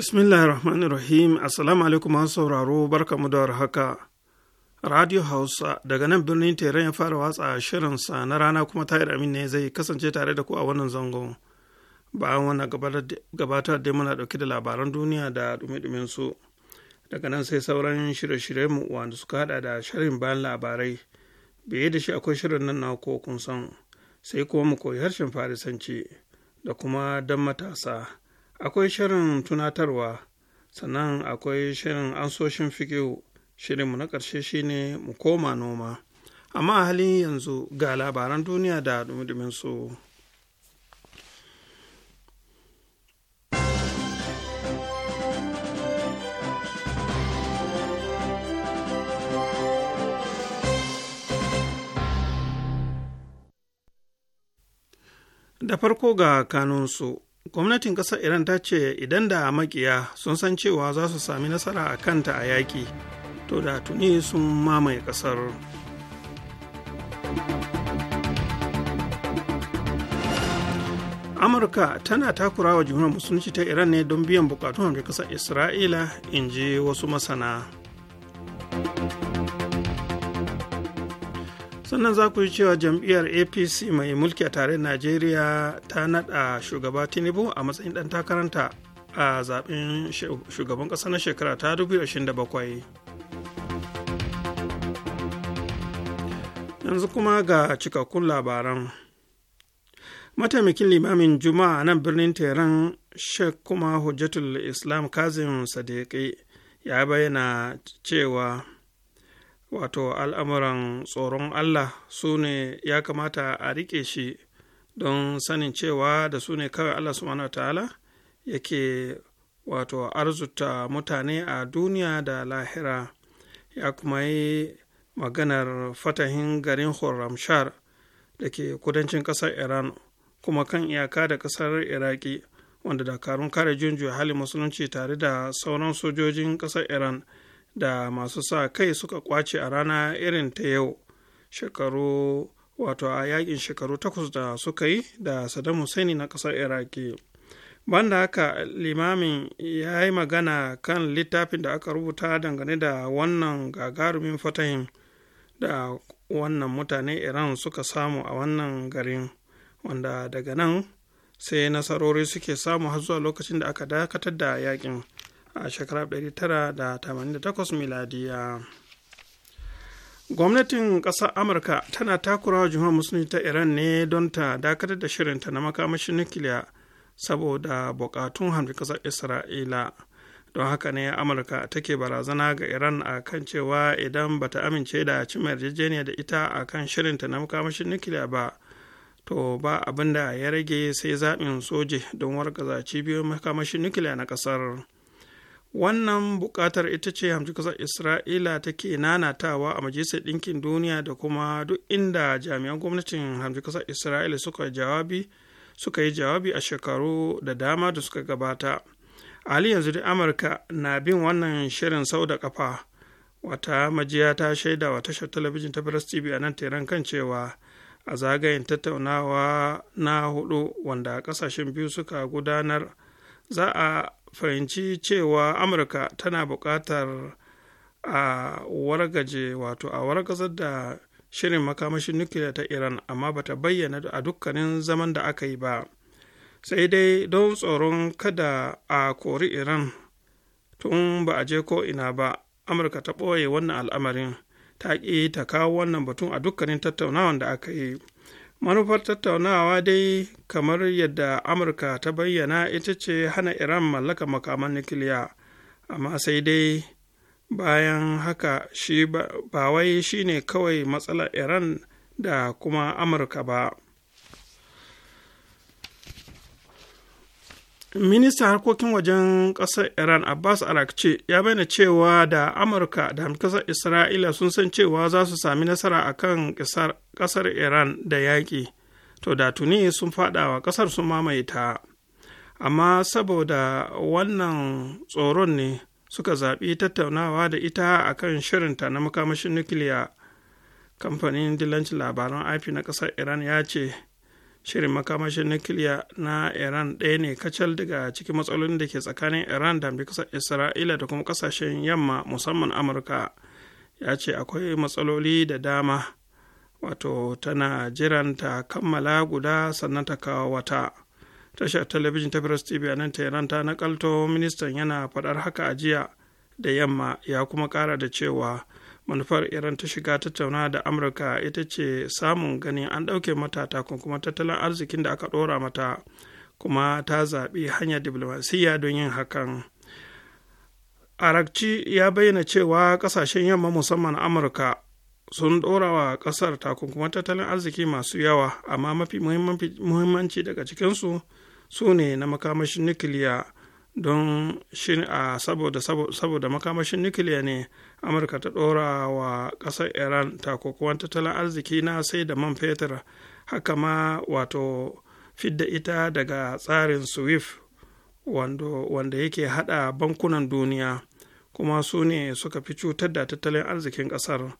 Bismillahirrahmanirrahim. rahim assalamu alaikum masu sauraro barka mu da haka radio hausa daga nan birnin teran ya fara watsa shirinsa na rana kuma tahir amin ne zai kasance tare da ku a wannan zangon bayan wannan gabatar da muna dauke da labaran duniya da dumi su daga nan sai sauran shirye-shirye mu wanda suka hada da shirin bayan labarai biye da shi akwai shirin nan na ko kun san sai kuma mu koyi harshen farisanci da kuma dan matasa akwai shirin tunatarwa sannan akwai shirin ansoshin fikiyu shirinmu na ƙarshe shine mu koma noma amma a halin yanzu ga labaran duniya da dumidumin su da farko ga kanunsu gwamnatin ƙasar iran ta ce idan da makiya sun san cewa za su sami nasara a kanta a yaƙi to da tuni sun mamaye ƙasar amurka tana takurawa wa musulunci ta iran ne don biyan bukatun hamshin ƙasar isra'ila in ji wasu masana sannan za ku yi cewa jam'iyyar apc mai mulki a tare najeriya ta naɗa shugaba tinubu a matsayin ɗan takaranta a zaben shugaban ƙasa na shekara ta 2027 yanzu kuma ga cikakkun labaran mataimakin limamin juma'a a nan birnin teran sheikh kuma hujjatul islam kazim sadiqi ya bayyana cewa wato al'amuran tsoron Allah su ne ya kamata a riƙe shi don sanin cewa da su ne kawai Allah su ta'ala yake wato arzuta mutane a duniya da lahira ya kuma yi maganar fatahin garin Horamshar da ke kudancin ƙasar Iran kuma kan iyaka da ƙasar Iraki wanda dakarun kare junju hali musulunci tare da sauran sojojin ƙasar Iran. da masu sa kai suka kwace a rana irin ta yau shekaru wato a yakin shekaru takwas da suka yi da Saddam Hussein na kasar Iraki. Banda haka limamin ya yi magana kan littafin da aka rubuta dangane da wannan gagarumin fatahin da wannan mutane Iran suka samu a wannan garin wanda daga nan sai nasarori suke samu har zuwa lokacin da aka dakatar da yakin. a shekarar 1988 miladiya gwamnatin kasar amurka tana takurawa jihar musulunci ta iran ne don ta dakatar da shirinta na makamashin nukiliya saboda bukatun hamdi kasar isra'ila don haka ne amurka take barazana ga iran a kan cewa idan ba ta amince da cimma yarjejeniya da ita a kan shirinta na makamashin nukiliya ba to ba abin da ya rage sai zaɓin soje don wargaza cibiyoyin makamashin nukiliya na kasar. wannan buƙatar ita ce hamci ƙasar isra'ila take nanatawa a majalisar ɗinkin duniya da kuma duk inda jami'an gwamnatin hamci ƙasar isra'ila suka jawabi suka yi jawabi a shekaru da dama da suka gabata a hali yanzu da amurka na bin wannan shirin sau da kafa wata majiya ta shaida wa tashar talabijin ta press tv a nan teran kan cewa a zagayen tattaunawa na hudu wanda kasashen biyu suka gudanar za a fahimci cewa amurka tana buƙatar a wargaje wato a wargazar da shirin makamashin nukiliya ta iran amma bata bayyana a dukkanin zaman da aka yi ba sai dai don tsoron kada a kori iran tun ba a je ko ina ba amurka ta ɓoye wannan al'amarin ta ƙi ta kawo wannan batun a dukkanin tattaunawan da aka yi manufar tattaunawa dai kamar yadda amurka ta bayyana ita ce hana iran mallaka makaman nukiliya amma sai dai bayan haka shi ba wai shine kawai matsalar iran da kuma amurka ba ministan harkokin wajen ƙasar iran abbas Arakci ya bayyana cewa da amurka da ƙasar isra'ila sun san cewa za su sami nasara a kan ƙasar iran da yaƙi to da tuni sun faɗawa ƙasar sun mamaye ta amma saboda wannan tsoron ne suka zaɓi tattaunawa da ita a kan shirinta na makamashin nukiliya kamfanin dilancin labaran ip na ƙasar iran ya ce shirin makamashin nukiliya na iran ɗaya ne kacal daga cikin matsalolin da ke tsakanin iran da kasar isra'ila da kuma kasashen yamma musamman amurka ya ce akwai matsaloli da dama wato tana jiran ta kammala guda sannan ta kawo wata tashar talabijin ta press tv a nan iran ta nakalto ministan yana faɗar haka a jiya da yamma ya kuma ƙara da cewa manufar iran ta shiga tattauna da amurka ita ce samun ganin an ɗauke mata kuma tattalin arzikin da aka ɗora mata kuma ta zaɓi hanyar diplomasiyya don yin hakan arakci ya bayyana cewa ƙasashen yamma musamman amurka sun ɗora wa ƙasar takunkuma tattalin arziki masu yawa amma mafi muhimmanci daga cikinsu su ne na makamashin nukiliya don shi a saboda makamashin nukiliya ne amurka ta ɗora wa ƙasar iran takokuwan tattalin arziki na sai da man fetur haka ma wato fidda ita daga tsarin swift wanda yake hada bankunan duniya kuma su ne suka fi cutar da tattalin arzikin ƙasar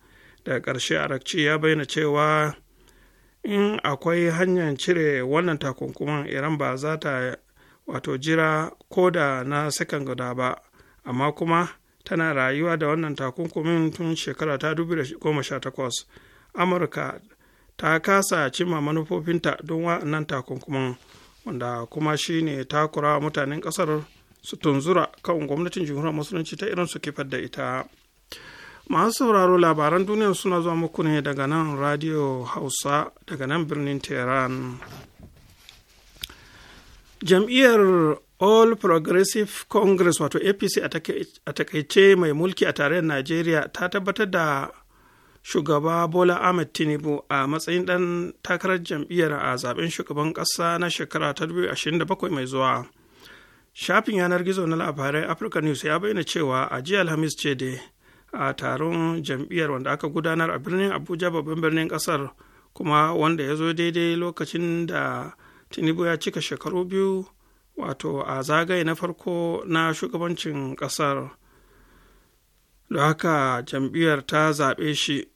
daga ƙarshe arakci ya bayyana cewa in akwai hanyar cire wannan takunkuman iran ba za ta wato jira ko da na sakan guda ba amma kuma tana rayuwa da wannan takunkumin tun shekara ta 2018 amurka ta kasa cimma manufofinta don wannan takunkumin wanda kuma shine takura mutanen kasar su tunzura kan gwamnatin jamhuriyar musulunci ta irin su kifar da ita masu sauraro labaran duniya suna zuwa muku ne daga nan radio hausa daga nan birnin tehran jam'iyyar all progressive congress wato apc a takaice mai mulki a tarayyar najeriya ta tabbatar da shugaba bola ahmed tinubu a matsayin ɗan takarar jam'iyyar a zaben shugaban ƙasa na shekara ta 2027 mai zuwa shafin yanar gizo na labarai africa news ya bayyana cewa a jiya alhamis ce da a taron jam'iyyar wanda aka gudanar a birnin abuja babban birnin ƙasar kuma wanda ya zo daidai lokacin da tinubu ya cika shekaru biyu wato a zagaye na farko na shugabancin ƙasar da haka jam'iyyar ta zaɓe shi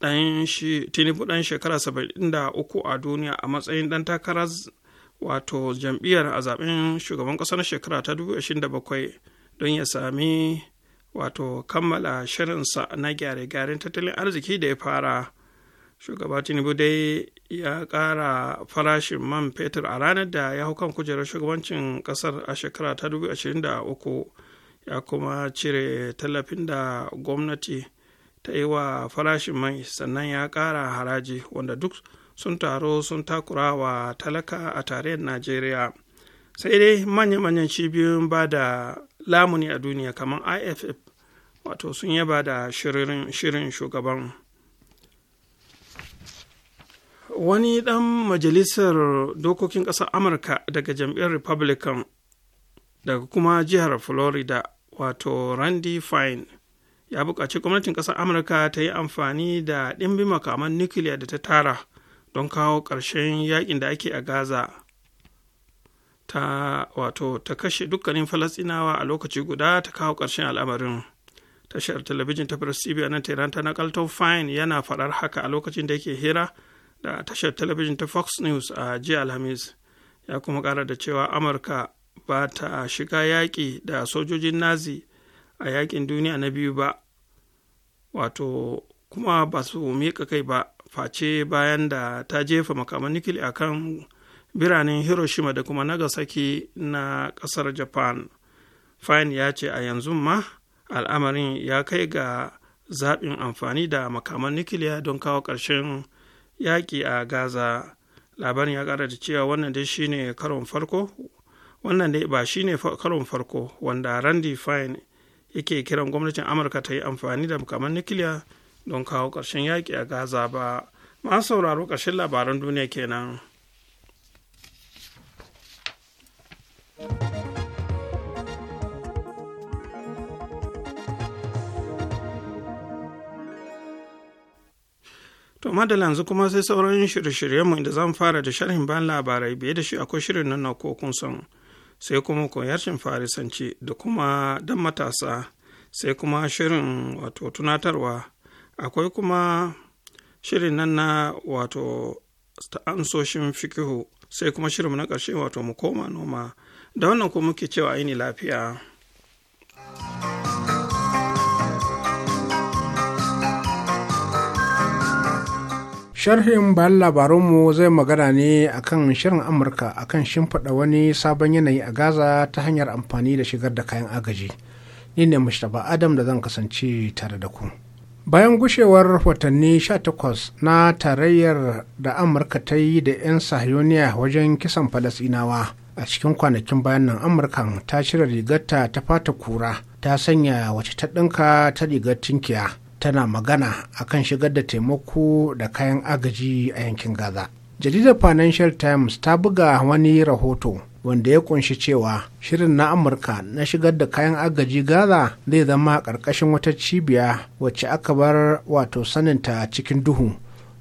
ɗan shi tinubu ɗan shekara 73 a duniya a matsayin ɗan takarar wato jam'iyyar a zaɓen shugaban ƙasa na shekara ta bakwai don ya sami wato kammala shirinsa na gyare-gyaren tattalin arziki da ya fara shugaba tinubu dai ya ƙara farashin man fetur a ranar da ya hau kan kujerar shugabancin ƙasar a shekara ta 2023 ya kuma cire tallafin da gwamnati ta yi wa farashin mai sannan ya ƙara haraji wanda duk sun taro sun takura wa talaka a tarayyar najeriya sai dai manya-manyan cibiyoyin ba da lamuni a duniya kamar iff wato sun yaba da shirin shugaban wani ɗan majalisar dokokin ƙasar amurka daga jam'iyyar republican daga kuma jihar florida wato randy fine ya buƙaci gwamnatin ƙasar amurka ta yi amfani da ɗimbin makaman nukiliya da ta tara don kawo ƙarshen yakin da ake a gaza ta wato ta kashe dukkanin falastinawa a lokaci guda ta kawo ƙarshen al'amarin tashar talabijin ta press tv a nan tana ta fine yana faɗar haka a lokacin da yake hira da tashar talabijin ta fox news a jiya alhamis ya kuma ƙara da cewa amurka ba ta shiga yaƙi da sojojin nazi a yaƙin duniya na biyu ba wato kuma ba su miƙa kai ba face bayan da ta jefa makaman nikili a kan biranen hiroshima da kuma nagasaki na ƙasar japan fine ya ce a yanzu ma al'amarin ya kai ga zaɓin amfani da makaman nikiliya don kawo ƙarshen yaƙi a gaza labarin ya ƙara da cewa wannan dai shine karon farko wannan dai ba shine karon farko wanda randy fine yake kiran gwamnatin amurka ta yi amfani da makaman nukiliya don kawo ƙarshen yaƙi a gaza ba masu sauraro ƙarshen labaran duniya kenan. To madalla yanzu kuma sai sauran shirye-shiryenmu shiryen inda zan fara da sharhin bayan labarai biye da shi akwai shirin nan na ko kun san sai kuma yarshin farisanci da kuma dan matasa sai kuma shirin wato tunatarwa akwai kuma shirin nan na wato ansoshin fikihu sai kuma shirin na ƙarshe wato mu koma noma da wannan kuma muke cewa aini lafiya. sharhin bayan labarunmu zai magana ne akan shirin amurka akan shimfiɗa wani sabon yanayi a gaza ta hanyar amfani da shigar da kayan agaji ni ne mustapha adam da zan kasance tare da ku bayan gushewar watanni 18 na tarayyar da amurka ta yi da 'yan sahiyoniya wajen kisan falasinawa a cikin kwanakin bayan nan amurkan ta cire rigarta ta fata kura ta sanya wace ta ɗinka ta rigar tinkiya tana magana a kan shigar da taimako da kayan agaji a yankin gaza jaridar financial times ta buga wani rahoto wanda ya kunshi cewa shirin na amurka na shigar da kayan agaji gaza zai zama ƙarƙashin wata cibiya wacce aka bar wato saninta cikin duhu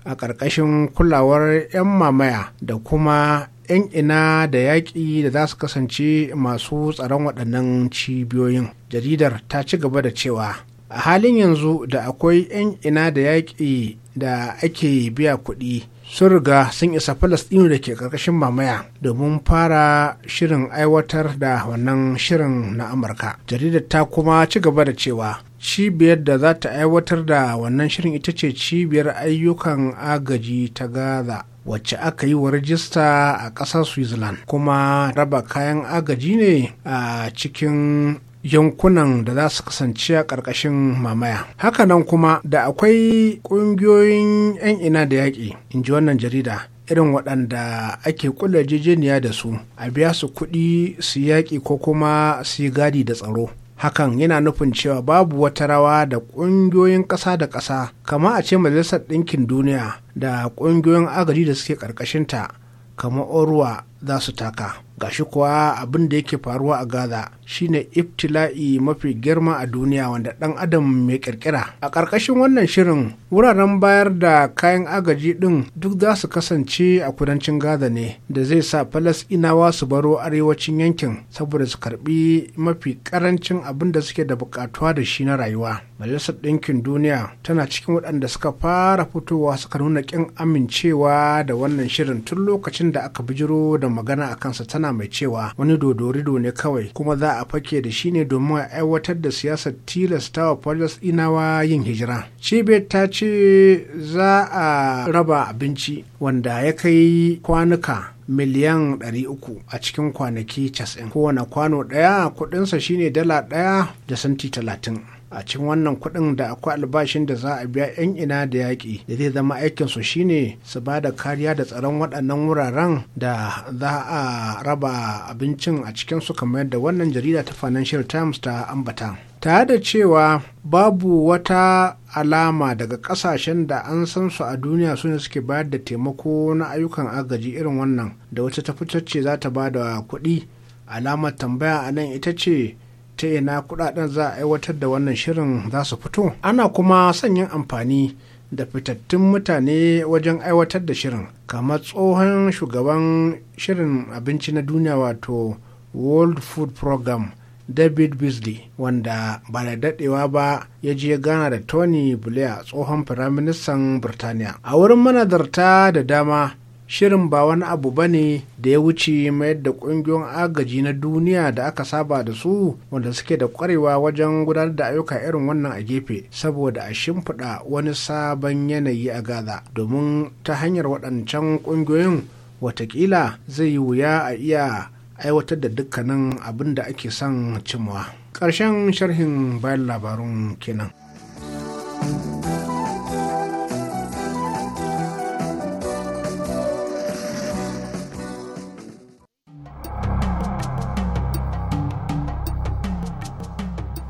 a ƙarƙashin kulawar 'yan mamaya da kuma 'yan ina da yaƙi da za su kasance masu tsaron waɗannan cibiyoyin jaridar ta ci gaba da cewa a halin yanzu da akwai 'yan ina da yaƙi da ake biya kuɗi sun riga sun isa falastinu da ke ƙarƙashin mamaya domin fara shirin aiwatar da wannan shirin na amurka jaridar ta kuma ci gaba da cewa cibiyar da za ta aiwatar da wannan shirin ita ce cibiyar ayyukan agaji ta gaza wacce aka yi wa rajista a ƙasar switzerland kuma raba kayan agaji ne a cikin yankunan da za su kasance a ƙarƙashin mamaya. Hakanan kuma da akwai ƙungiyoyin 'yan ina da yaƙi, in ji wannan jarida. irin waɗanda ake kula jejeniya da su a biya su kuɗi su yaƙi ko kuma su yi gadi da tsaro hakan yana nufin cewa babu wata rawa da ƙungiyoyin ƙasa da ƙasa kama a ce majalisar ɗinkin duniya da ƙungiyoyin agaji da suke ƙarƙashinta kama Oruwa. za su taka gashi kuwa abin da yake faruwa a gaza shine iftila'i mafi girma a duniya wanda dan adam mai kirkira a ƙarƙashin wannan shirin wuraren bayar da kayan agaji ɗin duk za su kasance a kudancin gaza ne da zai sa falasinawa su baro arewacin yankin saboda su karbi mafi ƙarancin abin da suke da buƙatuwa da shi na rayuwa majalisar ɗinkin duniya tana cikin waɗanda suka fara fitowa suka nuna ƙin amincewa da wannan shirin tun lokacin da aka bijiro da da magana a kansa tana mai cewa wani dodorido ne kawai kuma za a fake da shi ne domin a aiwatar da siyasar tilastawa inawa yin hijira Cibe ta ce za a raba abinci wanda ya kai kwanuka miliyan 300 a cikin kwanaki 90 kowane kwano daya kudinsa shine dala daya da santi talatin. a cin wannan kuɗin da akwai albashin da za a biya 'yan ina da yaƙi da zai zama aikin su shine su ba da kariya da tsaron waɗannan wuraren da za a raba abincin a cikin su kamar yadda wannan jarida ta financial times ta ambata tare da cewa babu wata alama daga kasashen da an san su a duniya su ne suke bayar da taimako na ayyukan agaji irin wannan da wata tafitacce za ta ba da kuɗi alamar tambaya a nan ita ce ta ina kudaden za a aiwatar da wannan shirin za su fito ana kuma sanyin amfani da fitattun mutane wajen aiwatar da shirin kamar tsohon shugaban shirin abinci na duniya wato world food program david beasley wanda ba da dadewa ba ya je gana da tony blair tsohon firaministan birtaniya a wurin manazarta da dama shirin ba wani abu ba ne da ya wuce mayar da ƙungiyoyin agaji na duniya da aka saba da su wanda suke da ƙwarewa wajen gudanar da ayyuka irin wannan a gefe saboda a shimfiɗa wani sabon yanayi a gaza domin ta hanyar waɗancan ƙungiyoyin watakila zai yi wuya a iya aiwatar da dukkanin abin da ake son cimwa ƙarshen sharhin bayan labarun kenan.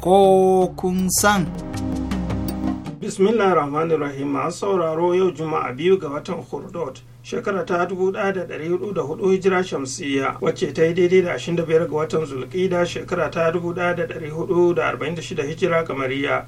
ko kun san. bismillah rahman rahim a sauraro yau juma'a biyu ga watan hurdot shekara ta 1404 hijira shamsiyya wacce ta yi daidai da 25 ga watan zulkida shekara ta 1446 hijira kamariya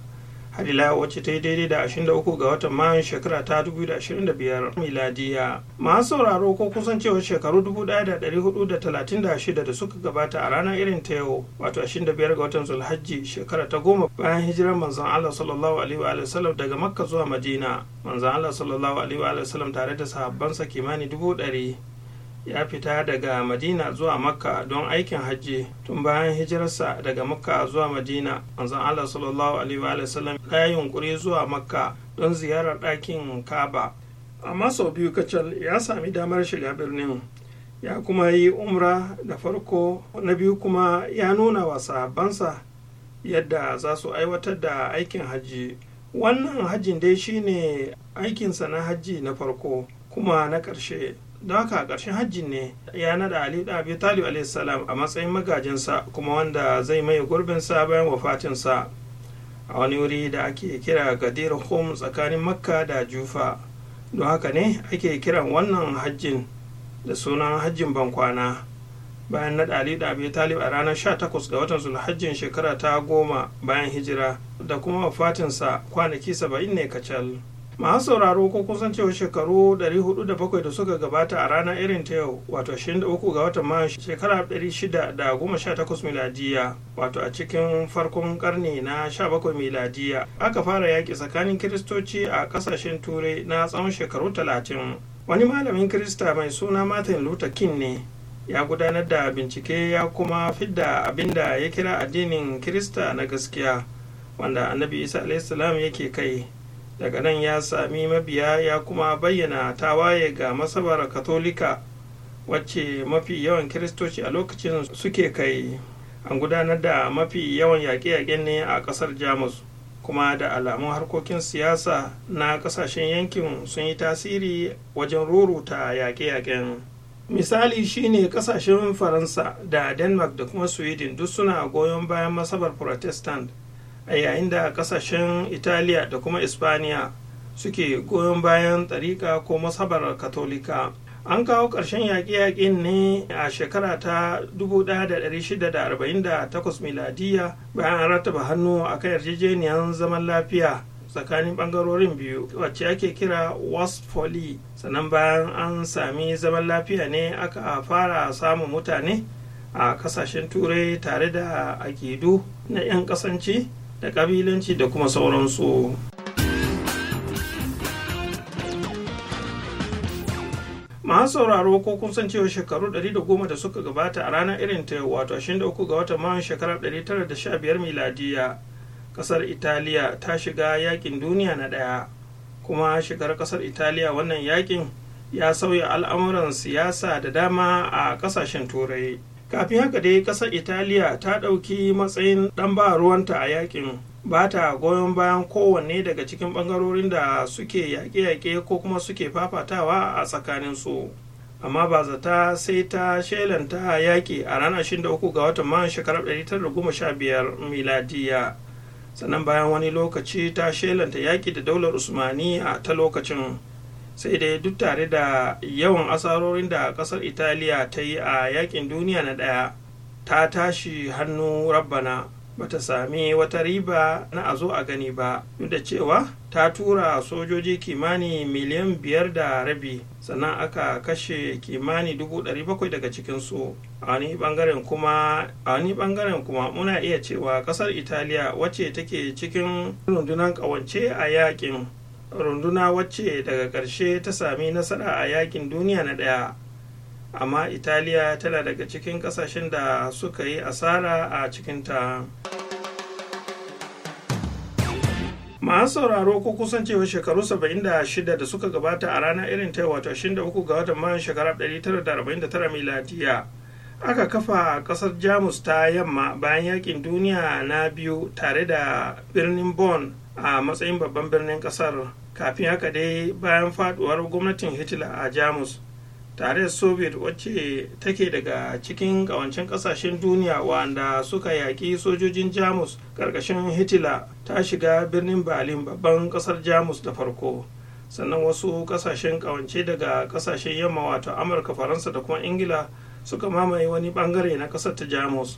Hadila wacce ta yi daidai da 23 ga watan mayun shekara ta 2025 miladiya masu sauraro ko kusan cewa shekaru 1436 da suka gabata a ranar irin ta yau wato 25 ga watan zulhajji shekara ta goma bayan hijirar manzon Allah sallallahu alaihi wa sallam daga makka zuwa madina manzon Allah sallallahu alaihi wa sallam tare da sahabbansa kimanin dubu ɗari ya fita daga madina zuwa makka don aikin hajji tun bayan hijirarsa daga makka zuwa madina manzon allah sallallahu alaihi wa sallam ya yunkuri zuwa makka don ziyarar ɗakin kaba amma sau biyu kacal ya sami damar shiga birnin ya kuma yi umra da farko na biyu kuma ya nuna wa sahabbansa yadda za su aiwatar da aikin hajji wannan hajjin dai shine aikinsa na hajji na farko kuma na ƙarshe don haka ƙarshen hajjin ne ya naɗa ali da abi talib a matsayin magajinsa kuma wanda zai maye gurbinsa bayan wafatinsa a wani wuri da ake kira gadir hum tsakanin makka da jufa don haka ne ake kiran wannan hajjin da sunan hajjin bankwana bayan na ali da abi talib a ranar 18 ga watan zulhajjin shekara ta goma bayan hijira da kuma wafatinsa kwanaki 70 ne kacal. masu sauraro ko kun san cewa shekaru 407 da suka gabata a ranar irin ta yau wato 23 ga watan mayu shekara 618 miladiya wato a cikin farkon karni na 17 miladiya aka fara yaƙi tsakanin kiristoci a ƙasashen turai na tsawon shekaru 30 wani malamin kirista mai suna martin luther king ne ya gudanar da bincike ya kuma fidda abin da ya kira addinin kirista na gaskiya wanda annabi isa salam yake kai daga nan ya sami mabiya ya kuma bayyana tawaye ga masabar katolika wacce mafi yawan kiristoci a lokacin suke kai an gudanar da mafi yawan yaƙe yaƙe ne a ƙasar jamus kuma da alamun harkokin siyasa na ƙasashen yankin sun yi tasiri wajen ruruta yaƙe-yaƙen misali shine ƙasashen faransa da denmark da kuma sweden duk suna goyon bayan masabar protestant a yayin da kasashen italiya da kuma ispaniya suke goyon bayan tsarika ko masabar katolika an kawo ƙarshen yaƙi-yaƙin ne a shekara ta 1648 miladiya bayan an rattaba hannu a kan yarjejeniyar zaman lafiya tsakanin ɓangarorin biyu wacce ake kira wasfoli sannan bayan an sami zaman lafiya ne aka fara samun mutane a kasashen turai tare da akidu na 'yan ƙasanci da kabilanci da kuma sauransu masu sauraro ko kun san cewa shekaru 110 da suka gabata a ranar irin ta wato 23 ga watan mayun shekarar 1915 miladiya kasar italiya ta shiga yakin duniya na daya kuma shigar kasar italiya wannan yakin ya sauya al'amuran siyasa da dama a kasashen turai kafin haka dai kasar italiya ta ɗauki matsayin ɗan ba ruwanta a yakin ba ta goyon bayan kowanne daga cikin bangarorin da suke yaƙe-yaƙe ko kuma suke fafatawa a tsakanin su amma ba zata sai ta shelanta yaƙi a ranar 23 ga watan man shekarar 1915 miladiya sannan bayan wani lokaci ta shelanta yaƙi da daular usmani a ta lokacin sai dai duk tare da yawan asarorin da kasar italiya ta yi a yakin duniya na daya ta tashi hannu rabbana bata sami wata riba na a zo a gani ba duk da cewa ta tura sojoji kimani miliyan biyar da rabi sannan aka kashe kimani dubu ɗari bakwai daga cikinsu a wani bangaren kuma wani bangaren kuma muna iya cewa ƙasar italiya wacce take cikin rundunar ƙawance a yakin runduna wacce daga ƙarshe ta sami nasara a yakin duniya na ɗaya amma italiya tana daga cikin ƙasashen da suka yi asara a cikinta masu sauraro ko kusan cewa shekaru 76 da suka gabata a ranar irin ta wato 23 ga watan mayan shekarar 1949 miladiya aka kafa kasar jamus ta yamma bayan yakin duniya na biyu tare da birnin bonn a matsayin babban birnin kasar kafin haka dai bayan faduwar gwamnatin hitler a jamus tare da soviet wacce take daga cikin kawancin kasashen duniya wanda suka yaƙi sojojin jamus ƙarƙashin hitler ta shiga birnin berlin babban ƙasar jamus da farko sannan wasu ƙasashen kawance daga ƙasashen yamma wato amurka faransa da kuma ingila suka mamaye wani bangare na ƙasar ta jamus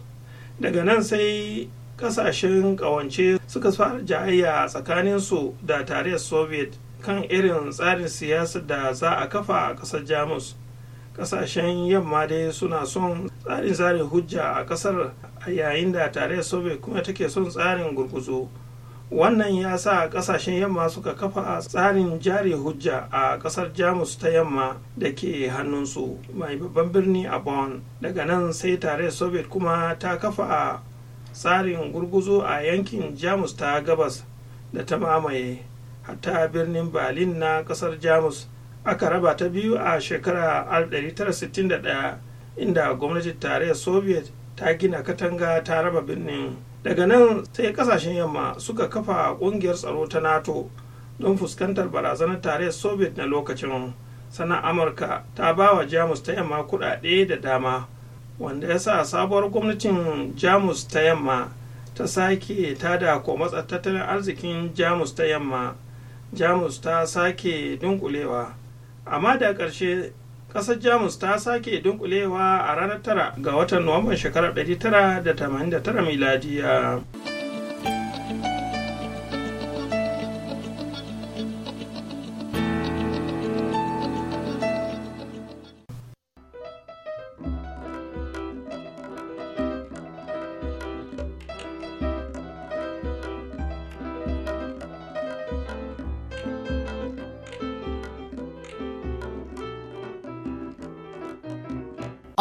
daga nan sai kasashen kawance suka fara jayayya tsakaninsu da tarayyar soviet kan irin tsarin siyasa da za a kafa a ƙasar jamus kasashen yamma dai suna son tsarin tsarin hujja a ƙasar a yayin da tarayyar soviet kuma take son tsarin gurguzu wannan ya sa kasashen yamma suka kafa tsarin jari hujja a ƙasar jamus ta yamma da ke hannunsu mai babban birni a Bon daga nan sai tarayyar soviet kuma ta kafa tsarin gurguzo a yankin jamus ta gabas da ta mamaye hatta birnin berlin na kasar jamus aka raba ta biyu a shekara 1961 inda gwamnatin tarayyar soviet ta gina katanga ta raba birnin daga nan sai kasashen yamma suka kafa kungiyar tsaro ta nato don fuskantar barazanar tarayyar soviet na lokacin sannan amurka ta ba wa jamus ta yamma kudade da dama wanda ya sa sabuwar gwamnatin jamus ta yamma ta sake tada ko matsa tattalin arzikin jamus ta yamma jamus ta sake dunkulewa amma da ƙarshe ƙasar jamus ta sake dunkulewa a ranar 9 ga watan nuwamban shekarar 1989 miladiya.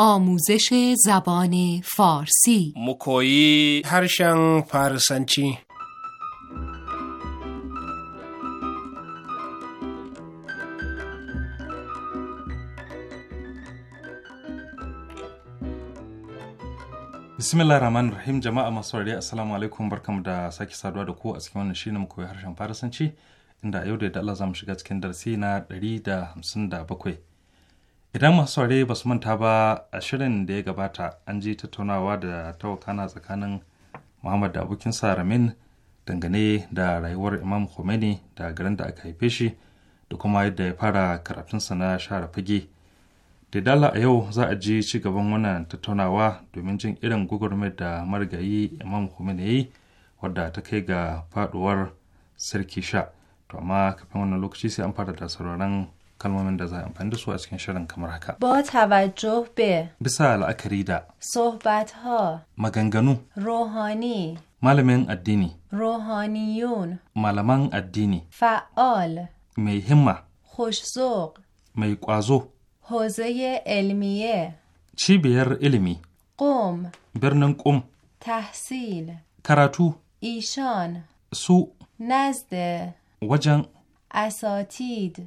آموزش زبان فارسی مکویی harshen فارسنچی bismillah rahman rahim jama'a masu saurari assalamu alaikum barkamu da sake saduwa da ku a cikin wannan shirin koyi harshen farasanci inda a yau da Allah za mu shiga cikin darasi na 157 Idan masu saurare ba su manta ba a shirin da ya gabata an ji tattaunawa da tawakana tsakanin Muhammad da abokinsa saramin dangane da rayuwar Imam Khomeini da garin da aka haife shi da kuma yadda ya fara karatunsa na share fage. Da dala a yau za a ji ci gaban wannan tattaunawa domin jin irin gugurmar da margayi Imam Khomeini ya yi wadda ta kai ga faduwar sarki sha. To amma kafin wannan lokaci sai an fara da sauraron kalmomin da za a amfani da su a cikin shirin kamar haka. Ba توجه bisa la'akari da صحبت ها maganganu Rohani. malamin addini ruhaniyun. malaman addini faol mai himma خوشزوق mai kwazo Hozeye علمیه cibiyar ilimi قم birnin قم tahsil. karatu ishon. su Nazde. wajen asatid.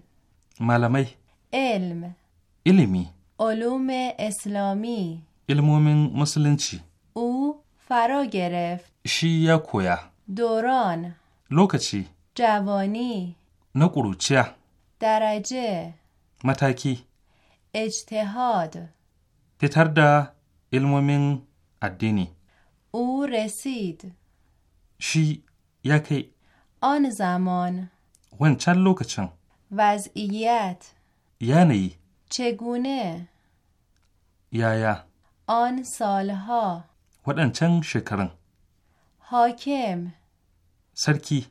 malamai ilm ilimi ulume islami ilmomin musulunci u faro gerift shi ya koya doron lokaci javani na ƙuruciya. daraje mataki ijtihad fitar da ilmomin addini u resid shi ya kai on zaman wancan lokacin وضعیت یعنی چگونه یا آن سالها چنگ شکرن حاکم سرکی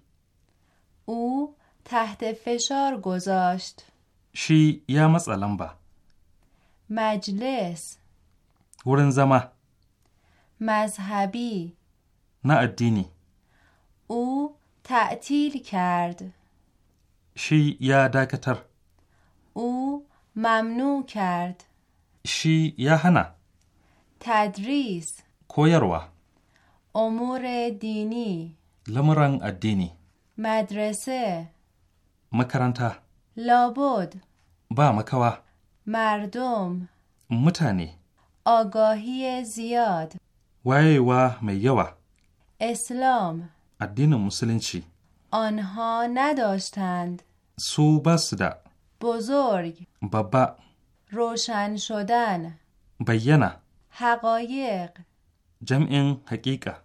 او تحت فشار گذاشت شی یا مثلا با مجلس ورن زما مذهبی نه ادینی او تعطیل کرد شی یا دکتر او ممنوع کرد شی یا هنا تدریس کویروا امور دینی لمران الدینی مدرسه مکرانتا لابد با مکوا مردم متانی آگاهی زیاد وای و میوا اسلام الدین مسلمچی آنها نداشتند سو بزرگ بابا روشن شدن بینه حقایق جمع حقیقه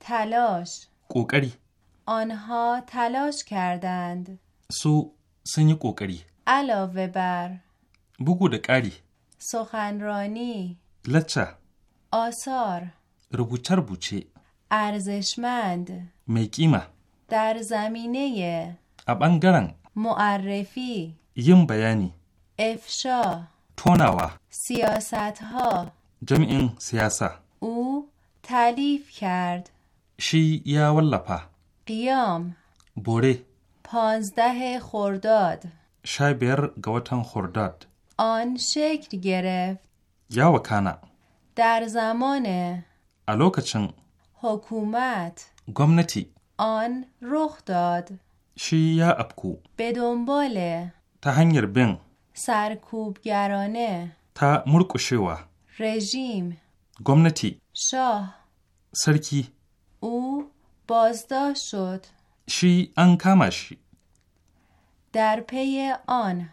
تلاش کوکری آنها تلاش کردند سو سنی کوکری علاوه بر بگو دکاری سخنرانی لچه آثار روبوچر بوچی. ارزشمند میکیمه در زمینه ابانگرن معرفی یم بیانی افشا تونوا سیاست ها جمعین سیاسا او تعلیف کرد شی یا ولپا قیام بوره پانزده خورداد شای بیر گوتن خورداد آن شکل گرفت یا وکانا در زمان الوکچن حکومت گمنتی آن رخ داد شی یا ابکو به دنبال تهنگر سرکوب بین سرکوبگرانه تا شوا رژیم گمنتی شاه سرکی او بازداشت شد شی انکامش در پی آن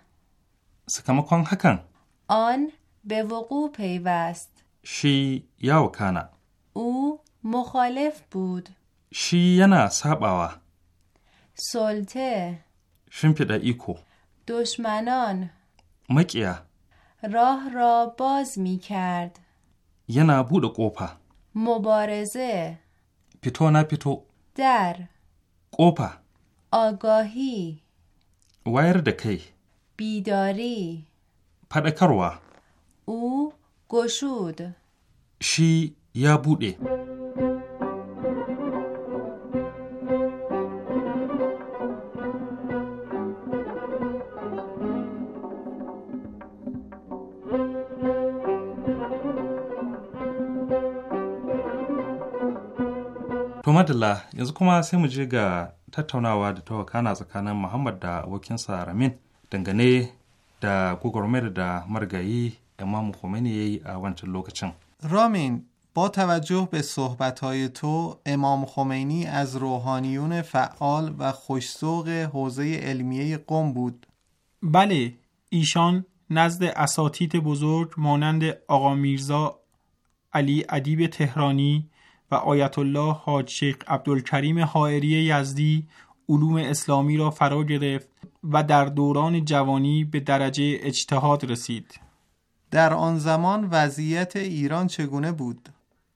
سکمکان حکن آن به وقوع پیوست شی یا وکانا او مخالف بود شی ینا ساباوا سلطه شمپیده ایکو دشمنان مکیا راه را باز می کرد ینا بود قوپا مبارزه پیتو نه پیتو در قوپا آگاهی وایر دکی بیداری پدکروا او گشود شی یا بوده madalla yanzu kuma sai mu je ga tattaunawa da ta wakana tsakanin muhammad da wakinsa ramin dangane da gwagwarmayar da margayi Imam Khomeini yayi a wancan lokacin. Ramin با توجه به صحبتهای تو امام خمینی از روحانیون فعال و خوشسوق حوزه علمیه قم بود بله ایشان نزد اساتید بزرگ مانند آقا میرزا علی ادیب تهرانی و آیت الله حاج شیخ عبدالکریم حائری یزدی علوم اسلامی را فرا گرفت و در دوران جوانی به درجه اجتهاد رسید. در آن زمان وضعیت ایران چگونه بود؟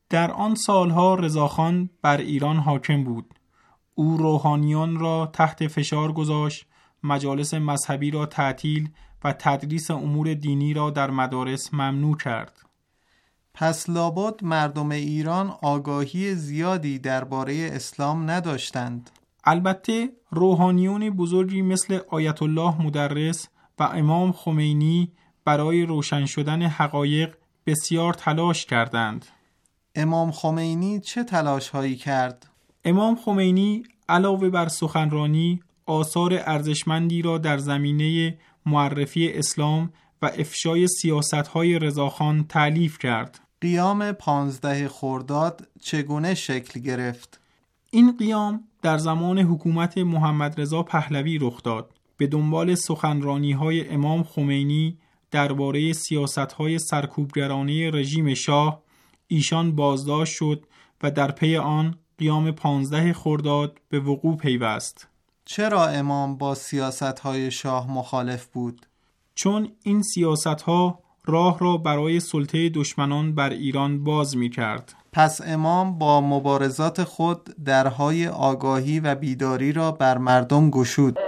در آن سالها رضاخان بر ایران حاکم بود. او روحانیان را تحت فشار گذاشت، مجالس مذهبی را تعطیل و تدریس امور دینی را در مدارس ممنوع کرد. پس لابد مردم ایران آگاهی زیادی درباره اسلام نداشتند البته روحانیون بزرگی مثل آیت الله مدرس و امام خمینی برای روشن شدن حقایق بسیار تلاش کردند امام خمینی چه تلاش هایی کرد؟ امام خمینی علاوه بر سخنرانی آثار ارزشمندی را در زمینه معرفی اسلام و افشای سیاست های رضاخان تعلیف کرد قیام پانزده خرداد چگونه شکل گرفت؟ این قیام در زمان حکومت محمد رضا پهلوی رخ داد به دنبال سخنرانی های امام خمینی درباره سیاست های سرکوبگرانه رژیم شاه ایشان بازداشت شد و در پی آن قیام پانزده خورداد به وقوع پیوست چرا امام با سیاست های شاه مخالف بود؟ چون این سیاست ها راه را برای سلطه دشمنان بر ایران باز می کرد. پس امام با مبارزات خود درهای آگاهی و بیداری را بر مردم گشود.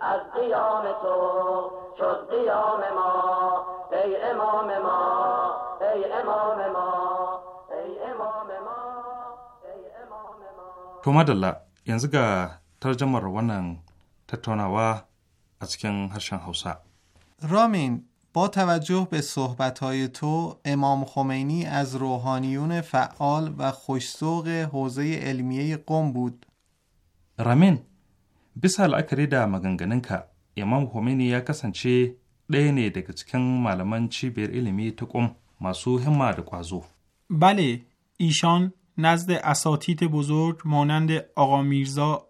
از قیام تو شد قیام ما ای امام ما ای امام ما To madalla yanzu ga tarjamar wannan tattaunawa a cikin harshen Hausa. رامین با توجه به صحبتهای تو امام خمینی از روحانیون فعال و خوشسوق حوزه علمیه قم bisa la'akari da maganganunka imam Khomeini ya kasance ɗaya ne daga cikin malaman cibiyar ilimi ta ƙum masu himma da ƙwazo بله ایشان نزد اساتید بزرگ مانند آقا میرزا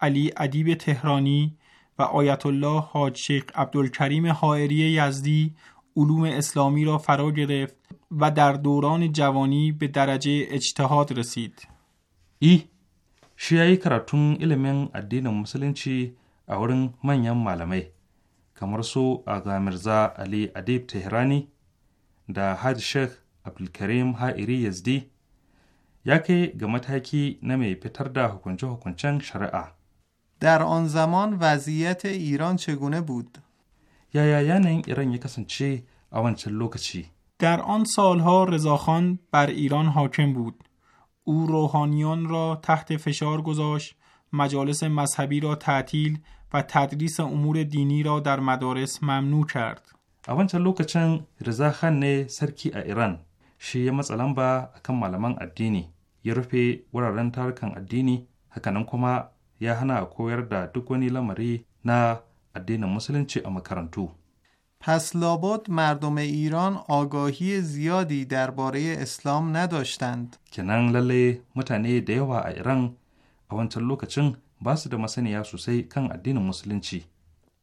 علی ادیب تهرانی و آیت الله حاج شیخ عبدالکریم حائری یزدی علوم اسلامی را فرا گرفت و در دوران جوانی به درجه اجتهاد رسید. ای شیعی کراتون علمین ادین ilimin اورن musulunci من کمرسو آقا malamai علی علی عدیب تهرانی، در شیخ abdulkarim ha'iri yazdi ya kai ga mataki na mai fitar da hukunce-hukuncen shari'a در آن زمان وضعیت ایران چگونه بود؟ یا یا نه ایران یک چی اوان لوکچی در آن سالها رضاخان بر ایران حاکم بود او روحانیان را تحت فشار گذاشت مجالس مذهبی را تعطیل و تدریس امور دینی را در مدارس ممنوع کرد. اون لوکچن رضا نه سرکی ایران shi ya matsa lamba a kan malaman addini ya rufe wuraren tarukan addini hakanan kuma ya hana koyar da duk wani lamari na addinin musulunci a makarantu پس لابد مردم ایران آگاهی زیادی درباره اسلام نداشتند. کنان لله متنی دیوا ایران اون اوانچن کچن باس ده مسنیا سوسی کن ادین مسلمچی.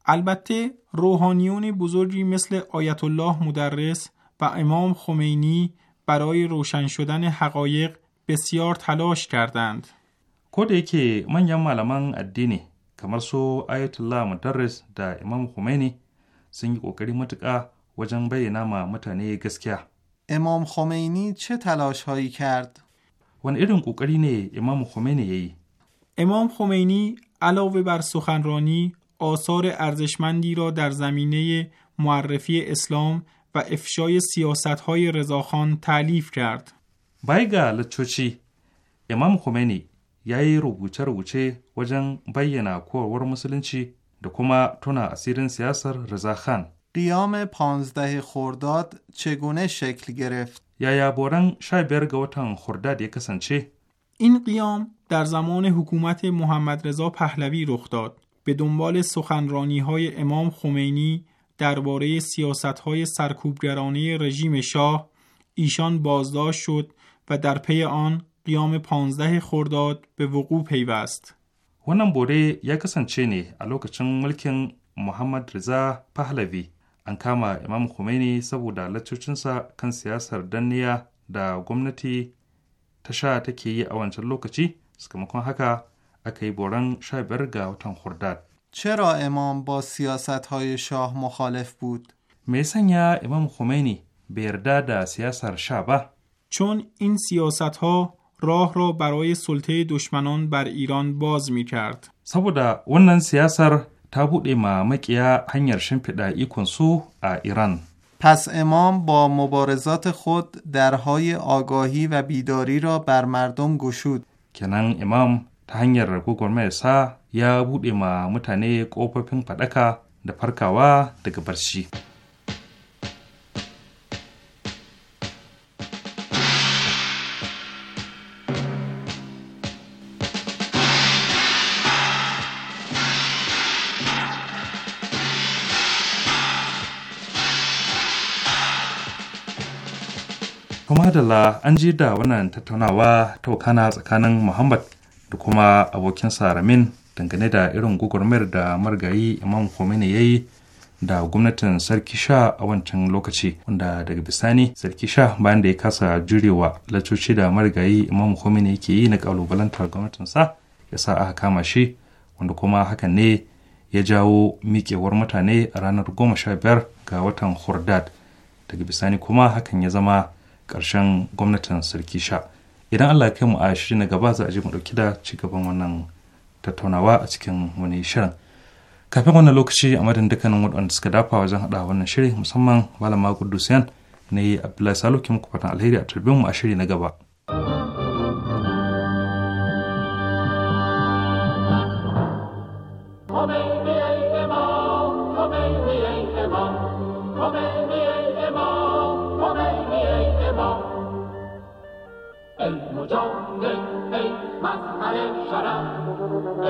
البته روحانیون بزرگی مثل آیت الله مدرس و امام خمینی برای روشن شدن حقایق بسیار تلاش کردند. کده که من یم علمان الدینی کمر سو آیت الله مدرس دا امام خمینی سنگی کوکری متقا و جنبه نام متانه گسکیه. امام خمینی چه تلاش هایی کرد؟ ون ایرون کوکری نه امام خمینی یی. امام خمینی علاوه بر سخنرانی آثار ارزشمندی را در زمینه معرفی اسلام و افشای سیاست های رضاخان تعلیف کرد. بایگال چوچی امام خمینی یای yi وچه و جنگ bayyana kowar musulunci چی. kuma تونا asirin سیاسر رضاخان. قیام پانزده خرداد چگونه شکل گرفت؟ یا یا 15 شای برگوتن خرداد یکسن چه؟ این قیام در زمان حکومت محمد رضا پهلوی رخ داد. به دنبال سخنرانی های امام خمینی درباره سیاست های سرکوبگرانه رژیم شاه ایشان بازداشت شد و در پی آن قیام 15 خرداد به وقوع پیوست. ونم بوره یک سنچینی الوک کچن ملکن محمد رضا پهلوی ان کاما امام خمینی سبو دا کن سیاسر دنیا دا گمنتی تشا تکیی اوانچن لوکچی سکمکون حکا اکی بوران شای برگا وطن خرداد. چرا امام با سیاست های شاه مخالف بود؟ یا امام خمینی برده در سیاست شبه چون این سیاست ها راه را برای سلطه دشمنان بر ایران باز می کرد. سبودا ونن سیاسر تا بود ما مکیا هنگر ایکونسو ایران. پس امام با مبارزات خود درهای آگاهی و بیداری را بر مردم گشود. کنن امام تا هنگر گوگرمه ya buɗe ma mutane ƙofofin faɗaka da farkawa daga barci. kuma da an ji da wannan tattaunawa ta wakana tsakanin muhammad da kuma abokinsa ramin dangane da irin gwagwarmayar da margayi imam khomeini ya yi da gwamnatin sarki sha a wancan lokaci wanda daga bisani sarki sha bayan da ya kasa jurewa lacoci da marigayi imam khomeini yake yi na kalubalantar gwamnatinsa ya sa aka kama shi wanda kuma hakan ne ya jawo miƙewar mutane a ranar goma sha biyar ga watan hordad daga bisani kuma hakan ya zama ƙarshen gwamnatin sarki sha idan allah ya kai mu a shiri na gaba za a je mu ɗauki da cigaban wannan tattaunawa a cikin wani shirin kafin wannan lokaci a madadin dukkanin waɗanda suka dafa wajen haɗa wannan shiri musamman malama kudusiyan ne abdullahi salo ke muku fatan alheri a turbin mu a shiri na gaba. المجند أي مظهر الشرف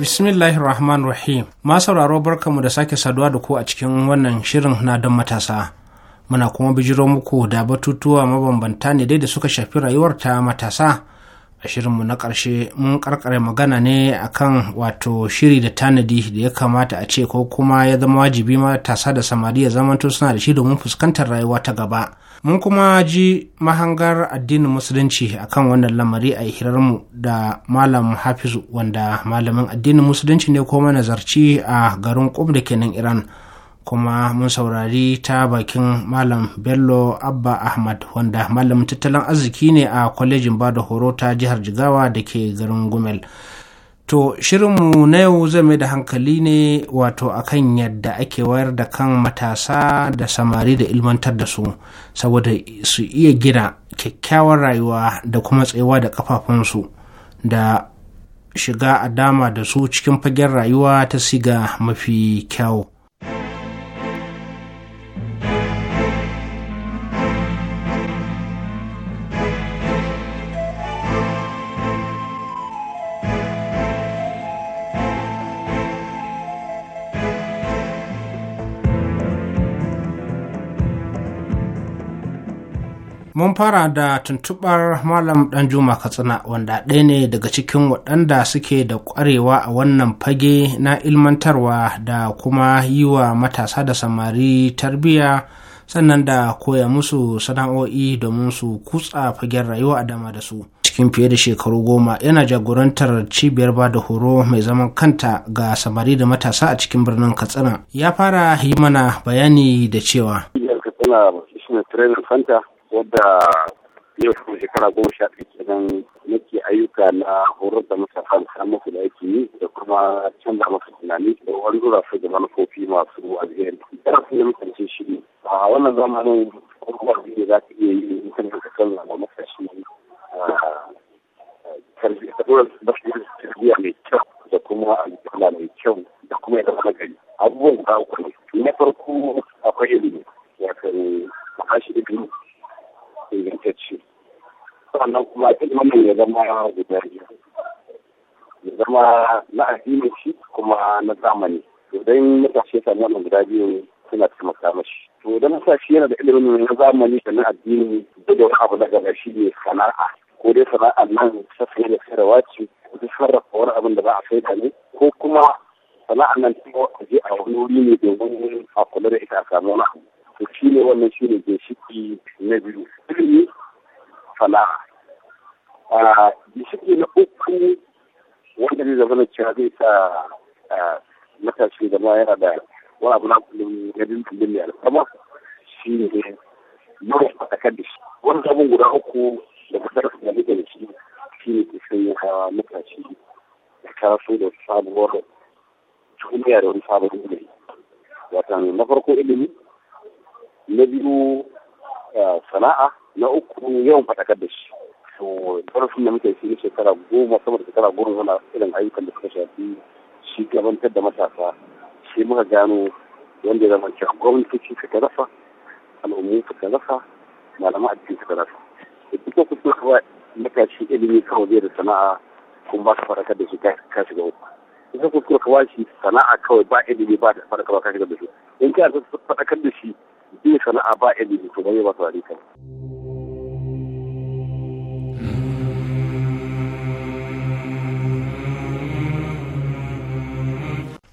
Bismillah rahman Rahim. Ma sauraro barkanmu da sake saduwa da ku a cikin wannan shirin na don matasa. Muna kuma bijiro muku da batutuwa mabambanta ne dai da suka shafi rayuwar ta matasa a shirinmu na ƙarshe mun karkare magana ne akan wato shiri da tanadi da ya kamata a ce ko kuma ya zama wajibi matasa da samari ya zamanto suna da shi domin fuskantar rayuwa ta gaba mun kuma ji mahangar addinin musulunci akan wannan lamari a hirarmu da malam hafizu wanda malamin addinin musulunci ne ko nazarci a garin kum da kenan iran kuma mun saurari ta bakin malam bello abba ahmad wanda malamin tattalin arziki ne a kwalejin bada horo ta jihar jigawa da ke garin gumel to shirinmu na yau zai mai da hankali ne wato akan yadda ake wayar da kan matasa da samari da ilmantar da su saboda su iya gina kyakkyawar rayuwa da kuma tsayawa da kafafunsu da shiga a dama da su cikin fagen rayuwa ta siga mafi kyau. mun fara da tuntubar malam danjuma katsina wanda ɗaya ne daga cikin waɗanda suke da ƙwarewa a wannan fage na ilmantarwa da kuma yi wa matasa da samari tarbiyya sannan da koya musu sana'o'i domin su kutsa fagen rayuwa a dama da su cikin fiye da shekaru goma yana jagorantar cibiyar ba da horo mai zaman kanta ga samari da matasa a cikin birnin katsina ya fara yi mana bayani da cewa wadda yau kuma shekara goma sha ɗaya kenan nake ayyuka na horar da matasa da musu da ake yi da kuma canza masu tunani da wani zura su da manufofi masu alheri. Darasin da muka ce shi ne a wannan zamanin kuma da za ka iya yi in kan ka canza da matashi tarbiyya mai kyau da kuma alƙala mai kyau da kuma yadda zama gari abubuwan guda uku ne na farko akwai ilimi wato ma'ashi ilimi ingantacce sannan kuma ilimin ya zama guda biyu ya zama na addini shi kuma na zamani idan matashi ya samu wannan guda biyu suna taimaka mashi to idan matashi yana da ilimin na zamani da na addini da da abu na shi ne sana'a ko dai sana'a nan ta sai da sayarwa ce ko ta sarrafa wani abin da za a saida ne ko kuma sana'a nan ta je a wani wuri ne domin a kula da ita a samu wani abu to shi ne wannan shi ne ginshiki na biyu ilimi sana'a a ginshiki na uku wanda zai zama na cewa zai sa matashi ma yana da wani abu na kullum na tulun mai alfama shi ne yawan fatakar da shi wani abin guda uku da kusa da nake da shi shi ne ke sanya hawa matashi da taso da sabuwar duniya da wani sabon ilimi watan na farko ilimi na biyu eh, sana'a na uku yawan faɗakar da shi to ƙarfin da muke shi shekara goma sama da shekara goma muna irin ayyukan da suka shafi shi gabantar da matasa sai muka gano wanda ya zama cewa gwamnatoci suka rasa al'ummu suka rasa malama a cikin suka rasa duk da kuma kawai matashi ilimi kawai zai da sana'a kuma ba su faɗakar da shi ka shiga uku in ka kuskura ka shi sana'a kawai ba ilimi ba da faɗakar da shi in ka faɗakar da shi iya sana'a ba ilimi to ba zai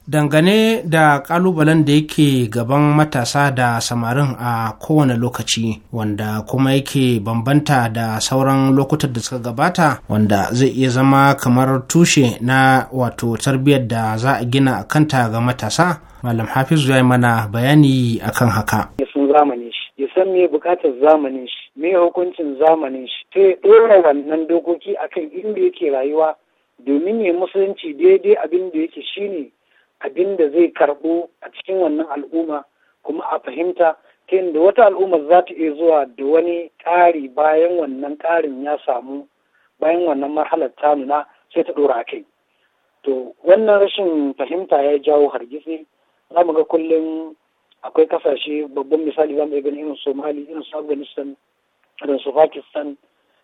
dangane da kalubalen da yake gaban matasa da samarin a kowane lokaci wanda kuma yake bambanta da sauran lokutan da suka gabata wanda zai iya zama kamar tushe na wato tarbiyyar da za a gina a kanta ga matasa Malam Hafizu ya yi mana bayani akan haka. Ya sun zamanin shi, ya san me bukatar zamanin shi, me hukuncin zamanin shi, sai ɗora wannan dokoki akan inda yake rayuwa domin ya musulunci daidai abin da yake shine abin da zai karɓo a cikin wannan al'umma kuma a fahimta ta yadda wata al'ummar za ta iya zuwa da wani ƙari bayan wannan ƙarin ya samu bayan wannan marhalar ta nuna sai ta ɗora a kai. To wannan rashin fahimta ya jawo hargitsi za mu ga kullum akwai kasashe babban misali za mu iya ganin irin somali irin su afghanistan irin su pakistan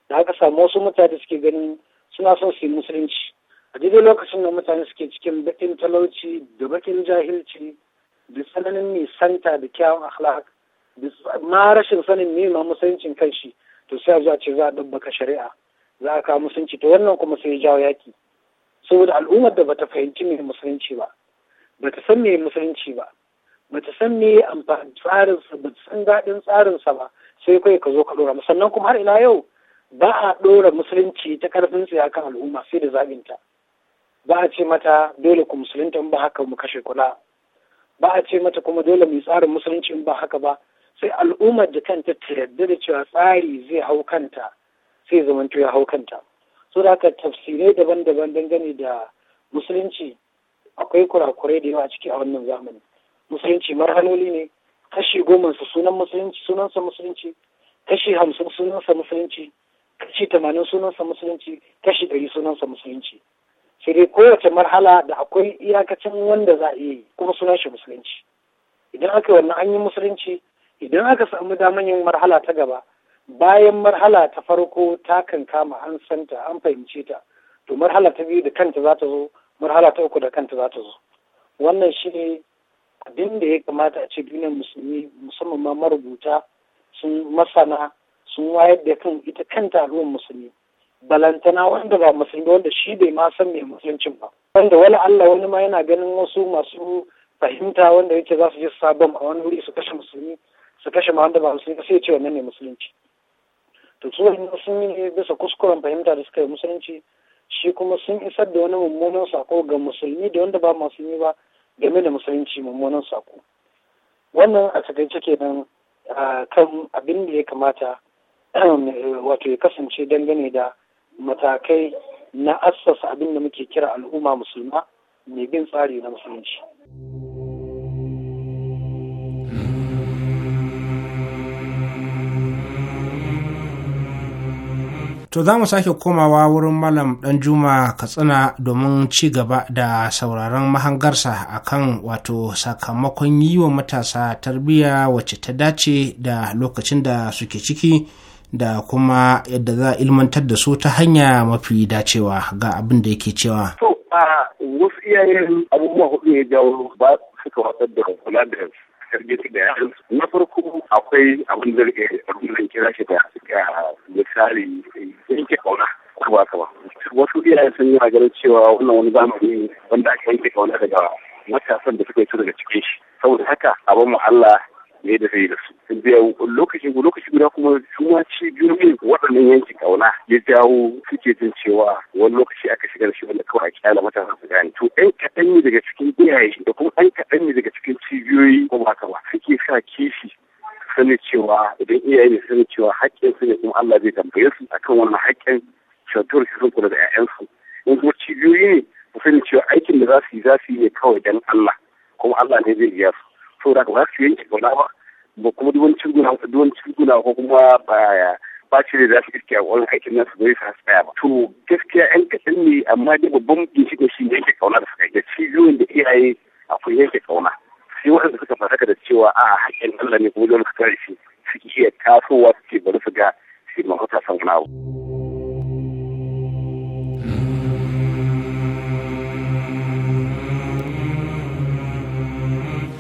da aka samu wasu mutane suke ganin suna son su yi musulunci a daidai lokacin da mutane suke cikin bakin talauci da bakin jahilci da tsananin nisanta da kyawun akhlaq ma rashin sanin nema ma musuluncin kanshi to sai a zuwa ce za a dabbaka shari'a za a kawo musulunci to wannan kuma sai ya jawo yaƙi saboda al'ummar da bata fahimci me musulunci ba bata san me musulunci ba bata san me amfani tsarinsa bata san daɗin tsarinsa ba sai kai ka zo ka ɗora sannan kuma har ila yau ba a ɗora musulunci ta karfin tsaya kan al'umma sai da zaɓinta ba a ce mata dole ku musulunta ba haka mu kashe kula ba a ce mata kuma dole mu tsarin musulunci in ba haka ba sai al'ummar da kanta ta yarda da cewa tsari zai hau kanta sai zamanto ya hau kanta so haka tafsirai daban-daban dangane da musulunci akwai kurakurai da yawa ciki a wannan zamani musulunci marhaloli ne kashi goma su sunan musulunci sunansa musulunci kashi hamsin sunansa musulunci kashi tamanin sunansa musulunci kashi ɗari sunansa musulunci sai dai kowace marhala da akwai iyakacin wanda za a yi kuma sunan shi musulunci idan aka yi wannan an yi musulunci idan aka samu daman yin marhala ta gaba bayan marhala ta farko ta kankama an santa an fahimce ta to marhala ta biyu da kanta za ta zo marhala ta uku da kanta za ta zo wannan shi ne abin da ya kamata a ce duniyar musulmi musamman ma marubuta sun masana sun wayar da kan ita kanta ruwan musulmi balantana wanda ba musulmi wanda shi bai ma san mai musuluncin ba wanda wani Allah wani ma yana ganin wasu masu fahimta wanda yake za su je sabon a wani wuri su kashe musulmi su kashe ma wanda ba musulmi sai ya ce wannan ne musulunci to su musulmi ne bisa kuskuren fahimta da suka yi musulunci shi kuma sun isar da wani mummunan sako ga musulmi da wanda ba musulmi ba game da musulunci mummunan sako wannan a takaice nan kan abin da ya kamata eh, wato ya kasance dangane da matakai na assasa abin da muke kira al'umma musulma mai bin tsari na musulunci. To za mu sake komawa wurin Malam Ɗanjuma Katsina domin ci gaba da sauraron mahangarsa a kan wato sakamakon yi wa matasa tarbiyya wacce ta dace da lokacin da suke ciki da kuma yadda za a ilmantar da su ta hanya mafi dacewa ga abin da yake cewa. To, a wasu iyayen abubuwa hudu ya jawo ba suka watsar da kula da target da yaran na farko akwai abin da rike abin kira shi da suka misali yanke kauna ko ba ka ba wasu iyayen sun yi ganin cewa wannan wani zamani wanda aka yanke kauna daga matasan da suka yi daga cikin shi saboda haka abin mu Allah ne da sai da su lokaci lokaci guda kuma suma cibiyoyin waɗannan yanki kauna ya jawo suke jin cewa wani lokaci aka shiga da shi wanda kawai a kyala matasa su gane to ɗan kaɗan ne daga cikin iyaye da kuma ɗan kaɗan ne daga cikin cibiyoyi ko ba ba suke sa kishi sani cewa idan iyaye ne sani cewa haƙƙin su ne kuma Allah zai tambaye su akan wannan haƙƙin shantar su sun kula da 'ya'yansu in kuma cibiyoyi ne su sani cewa aikin da za su yi za su yi ne kawai dan Allah kuma Allah ne zai biya su saboda e e e ka ba su yanke gona ba ba kuma duwancin guna duwancin guna ko kuma ba ce da za su iske a wani aikin nasu bai sa su ba. To gaskiya ‘yan kaɗan ne amma dai babban ginshiƙin shi yanke kauna da suka yi da cibiyoyin da iyaye akwai yanke kauna. Sai waɗanda suka fasaka da cewa a haƙƙin Allah ne kuma dole su kare shi suke iya tasowa suke bari su ga su mahauta san wani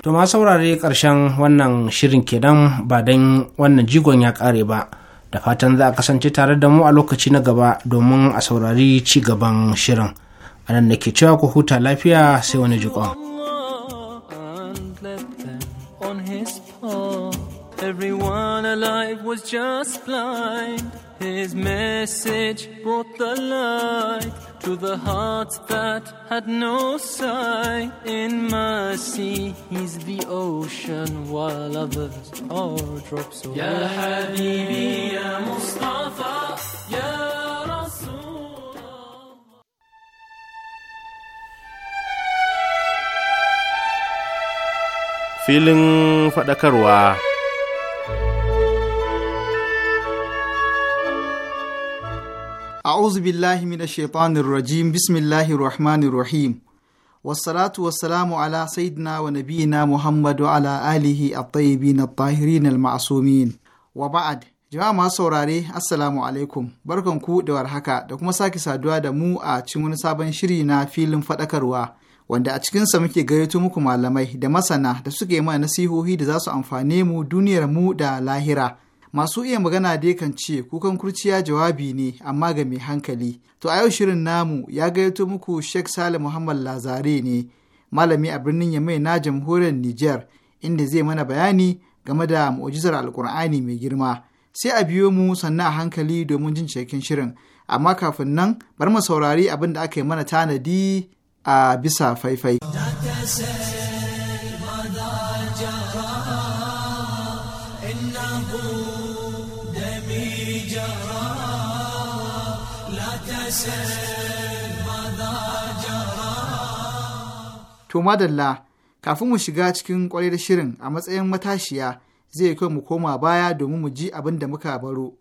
to ma saurare ƙarshen wannan shirin kenan ba don wannan jigon ya ƙare ba da fatan za a kasance tare da mu a lokaci na gaba domin a saurari ci gaban shirin a nan da ke cewa ku huta lafiya sai wani jikon. Everyone alive was just blind. His message brought the light to the hearts that had no sight. In mercy, He's the ocean, while others are drops away. Ya Habibi, Ya Mustafa, Ya Rasul. Filin faɗakarwa. a'udhu billahi minash shaitanir rajim bismillahir rahmanir rahim wassalatu wassalamu ala sayyidina wa nabiyyina muhammadu ala alihi at-tayyibin at-tahirin al-ma'sumin wa ba'ad jama'a masu saurare assalamu alaikum barkan ku da warhaka da kuma sake saduwa da mu a cikin wani sabon shiri na filin faɗakarwa wanda a cikinsa muke gayyato muku malamai da masana da suke mana nasihohi da za su amfane mu duniyar mu da lahira masu iya magana da kan ce kukan kurciya jawabi ne amma ga mai hankali to a yau shirin namu ya gayyato muku sheikh sale muhammad lazare ne malami a birnin yamai na jamhuriyar niger inda zai mana bayani game da mu'ujizar alkur'ani mai girma sai a biyo mu sannan a hankali domin jin cikin shirin amma kafin nan bar mu saurari abin da aka yi mana tanadi a bisa faifai. To madalla kafin mu shiga cikin kwarar shirin a matsayin matashiya zai kai mu koma baya domin mu ji abin da muka baro.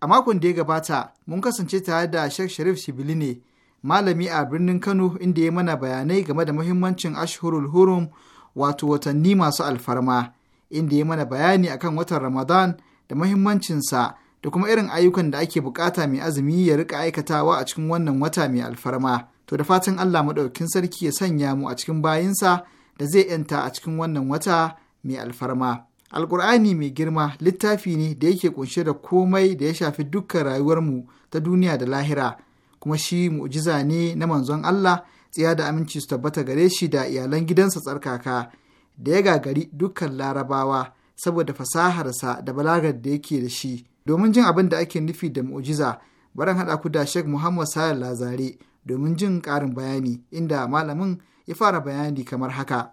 A makon da ya gabata mun kasance tare da Sheikh Sharif Shibili ne malami a birnin Kano inda ya mana bayanai game da muhimmancin Ashhurul Hurum wato watanni masu alfarma inda ya mana bayani akan watan Ramadan da muhimmancinsa da kuma irin ayyukan da ake bukata mai azumi ya rika aikatawa a cikin wannan wata mai alfarma. To da fatan Allah maɗaukin sarki ya sanya mu a cikin bayinsa da zai ‘yanta a cikin wannan wata mai alfarma. Alƙur'ani mai girma littafi ne da yake ƙunshe da komai da ya shafi dukkan rayuwarmu ta duniya da lahira, kuma shi mu'jiza ne na manzon Allah tsiya da aminci su tabbata gare shi da iyalan gidansa tsarkaka da ya gagari dukkan larabawa saboda fasaharsa da balagar da yake da shi. Domin jin abin da ake nufi da mu'jiza, barin haɗa ku da Sheikh Muhammad Sale Lazare. domin jin ƙarin bayani inda malamin ya fara bayani kamar haka.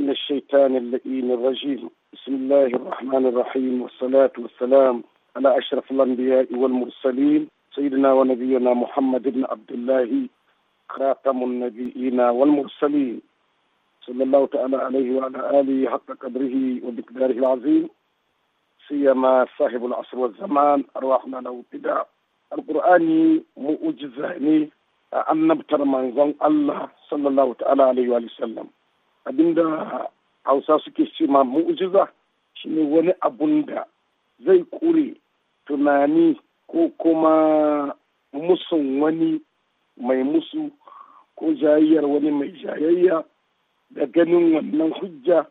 من الشيطان اللئيم الرجيم بسم الله الرحمن الرحيم والصلاة والسلام على أشرف الأنبياء والمرسلين سيدنا ونبينا محمد بن عبد الله خاتم النبيين والمرسلين صلى الله تعالى عليه وعلى آله حق قدره ومقداره العظيم سيما صاحب العصر والزمان أرواحنا له ابتداء alkur'ani mu'ujiza ne a annabtar manzon Allah sallallahu ta'ala alaihi wa sallam abinda hausa suke ce ma mu'ujiza shine wani abun da zai kure tunani ko kuma musun wani mai musu ko jayayyar wani mai jayayya da ganin wannan hujja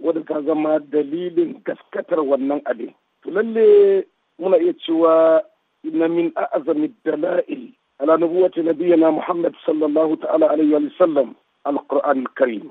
wadda ta zama dalilin gaskatar wannan abin. To lalle muna iya cewa إن من أعظم الدلائل على نبوة نبينا محمد صلى الله تعالى عليه وسلم القرآن الكريم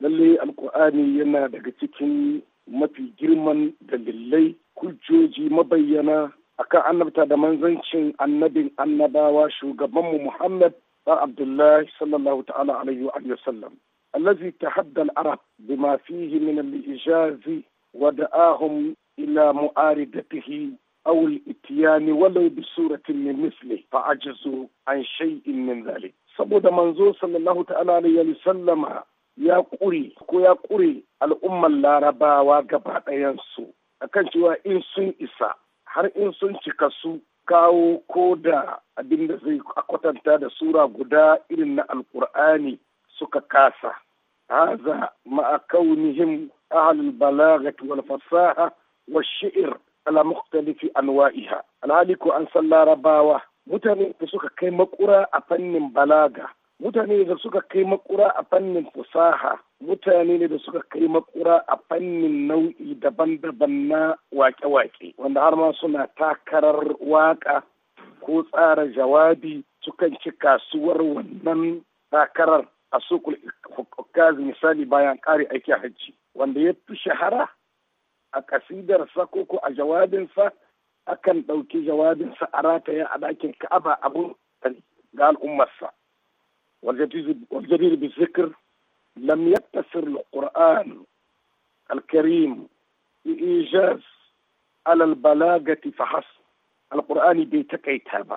للي القرآن ينا دقتكي ما في جرما دللي كل جوجي مبينا أكا أنا بتاد منزنشن النبي النبا واشو قبم محمد عبد الله صلى الله تعالى عليه وآله وسلم الذي تحدى العرب بما فيه من الإجاز ودعاهم إلى معارضته أو الإتيان ولو suratin من مثله فعجزوا عن شيء من ذلك saboda manzo sallallahu ta'ala alaihi sallama ya ƙure ko ya ƙure al'ummar larabawa gaba ɗayansu akan cewa in sun isa har in sun cika su kawo ko da abinda da zai kwatanta da sura guda irin na Alkur'ani suka kasa haza ma'a kaunihim ahlul balagati wal fasaha wa shi'ir ala mukhtalifi anwa'iha alhali ko an san larabawa mutane da suka kai makura a fannin balaga mutane da suka kai makura a fannin fusaha mutane ne da suka kai makura a fannin nau'i daban-daban na wake-wake wanda har ma suna takarar waka ko tsara jawabi sukan ci kasuwar wannan takarar a sukul hukaz misali bayan kare aiki hajji wanda ya fi shahara a kasidarsa ko ko a jawabinsa akan ɗauki jawabinsa a rataya a ɗakin ka'aba abun ga al'ummarsa والجدير بالذكر لم يقتصر القرآن الكريم بإيجاز على البلاغة فحسب القرآن بيتكيتها ba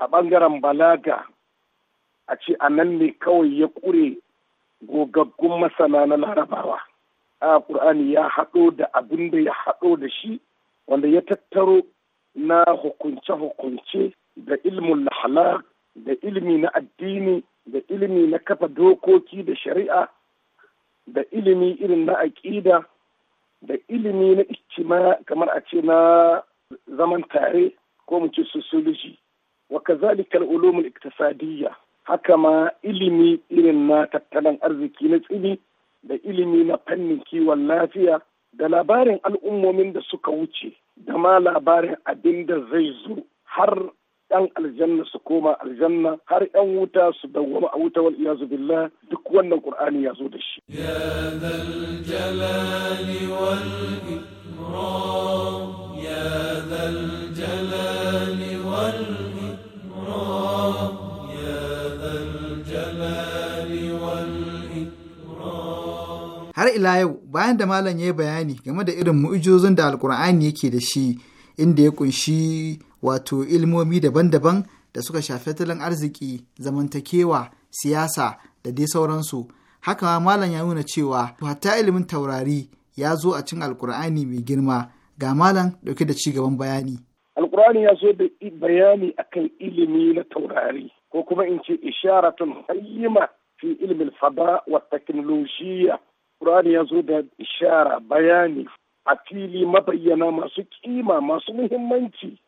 a ɓangaren balaga a ce a nan ne kawai ya ƙure gogaggun masana na larabawa ƙur'ani ya haɗo da abin da ya haɗo da shi wanda ya tattaro na hukunce-hukunce da ilimin lahala da ilimi na addini da ilimi na kafa dokoki da shari'a da ilimi irin na aƙida da ilimi na ijtima kamar a ce na zaman tare ko mu ce sociology wa kazalika al-ulum haka ma ilimi irin na tattalin arziki na tsini da ilimi na fannin kiwon lafiya da labarin al'ummomin da suka wuce da ma labarin abin da zai zo har ɗan aljanna su koma aljanna har ɗan wuta su dawwama a wuta wal iyazu billah duk wannan qur'ani ya zo da shi ya zal jalali wal ikram ya zal jalali har ila yau bayan da malam ya yi bayani game da irin mu'ujizun da alkur'ani yake da shi inda ya kunshi wato ilmomi daban-daban da suka shafi tattalin arziki zamantakewa siyasa da dai sauransu haka ma malam ya nuna cewa hatta ilimin taurari ya zo a cin alkur'ani mai girma ga malam dauke da ci gaban bayani alkur'ani ya zo da bayani akan ilimi na taurari ko kuma in ce isharatun hayyima fi ilimin fada wa teknolojiya Kur'ani ya zo da ishara bayani a fili mabayyana masu kima masu muhimmanci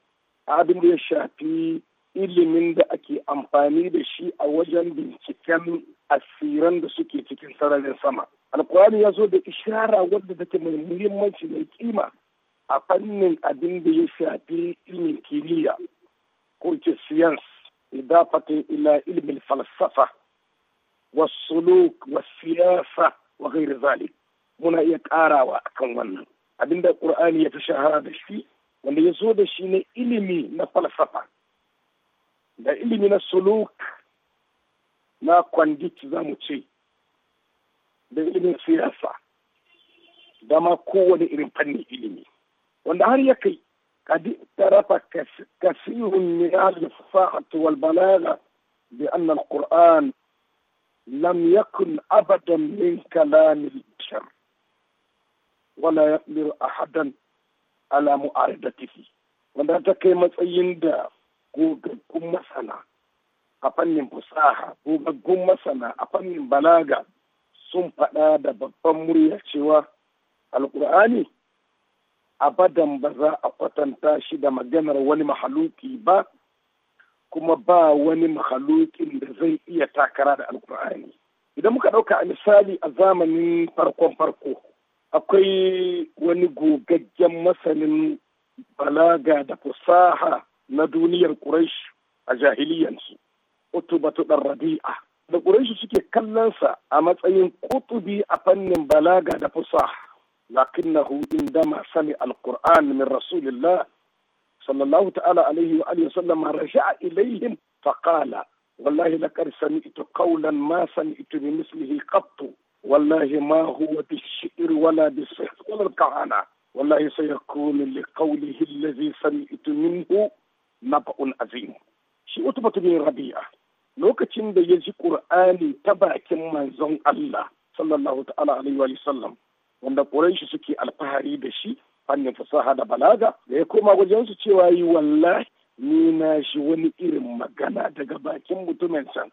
abin da ya shafi ilimin da ake amfani da shi a wajen binciken asiran da suke cikin sararin sama. Alkurani ya zo da ishara wadda take mai muhimmanci mai kima a fannin abin da ya shafi ilimin kimiyya ko ke science idafatin ila ilimin falsafa wasuluk siyasa. wa ghairi zalik muna iya karawa akan wannan abinda qur'ani ya fi shahara da shi wanda ya zo da shi ne ilimi na falsafa da ilimi na suluk na kwandit za mu ce da ilimin siyasa da ma kowane irin fannin ilimi wanda har ya kai قد اقترف كثير من أهل الفصاحة والبلاغة بأن القرآن لم يكن أبدا من كلام البشر ولا يقدر أحدا على معارضته wanda ta kai matsayin da gogaggun masana a fannin fasaha gogaggun masana a fannin balaga sun faɗa da babban murya cewa alkur'ani abadan ba za a kwatanta shi da maganar wani mahaluki ba kuma ba wani mahalukin da zai iya takara da alkur'ani idan muka ɗauka a misali a zamanin farkon farko akwai wani gogaggen masanin balaga da fusaha na duniyar Quraysh a jahiliyansu batu ɗan rabi'a da ƙuraishi suke kallonsa a matsayin kutubi a fannin balaga da fusaha lakinnahu indama sami alkur'an min rasulillah sallallahu ta'ala alaihi wa alihi wasallam raja'a ilaihim faqala wallahi laqad sami'tu qawlan ma sami'tu bi mislihi qattu wallahi ma huwa bish-shi'r wala bis-sihr wala al-kahana wallahi sayakunu liqawlihi alladhi sami'tu minhu naba'un azim shi utbatu bin rabi'a lokacin da ya ji qur'ani ta bakin manzon Allah sallallahu ta'ala alaihi wa sallam wanda quraishi suke alfahari da shi fannin fasaha da balaga da ya koma wajen su cewa yi wallahi ni na shi wani irin magana daga bakin mutumin san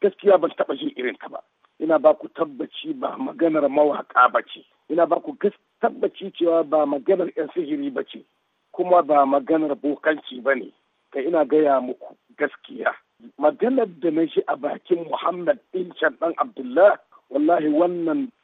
gaskiya ban taba shi irin ta ba ina ba ku tabbaci ba maganar mawaka ba ce ina ba ku tabbaci cewa ba maganar yan sihiri ba ce kuma ba maganar bokanci ba ne kai ina gaya muku gaskiya maganar da na shi a bakin muhammad ɗin can ɗan abdullah wallahi wannan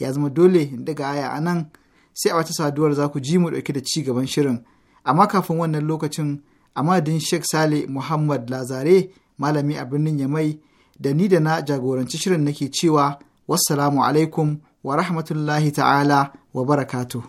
ya zama dole in daga aya a nan sai a wata saduwar za ku ji mu ɗauke da ci gaban shirin amma kafin wannan lokacin a madadin sheikh sale muhammad lazare malami a birnin yamai da ni da na jagoranci shirin nake cewa wassalamu alaikum wa rahmatullahi ta'ala wa barakatuh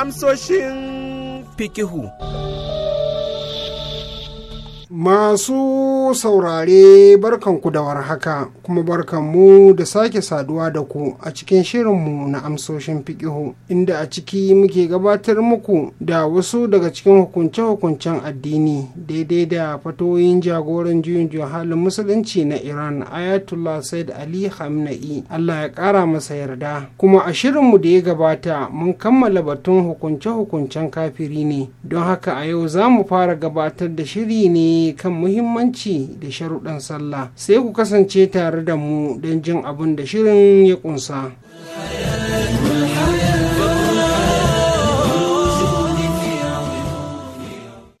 amsoshin fikihu. Masu saurare barkan ku da warhaka kuma barkanmu da sake saduwa da ku a cikin shirinmu na amsoshin fikihu inda a ciki muke gabatar muku da wasu daga cikin hukunce-hukuncen addini daidai da fatoyin jagoran juyin halin musulunci na Iran Ayatollah Said Ali Hamna'i Allah ya ƙara masa yarda kuma a shirinmu da ya gabata mun kammala batun hukunce-hukuncen kafiri ne don haka a yau za mu fara gabatar da shiri ne kan muhimmanci da sharuɗan sallah sai ku kasance tare da mu don jin abin da shirin ya ƙunsa.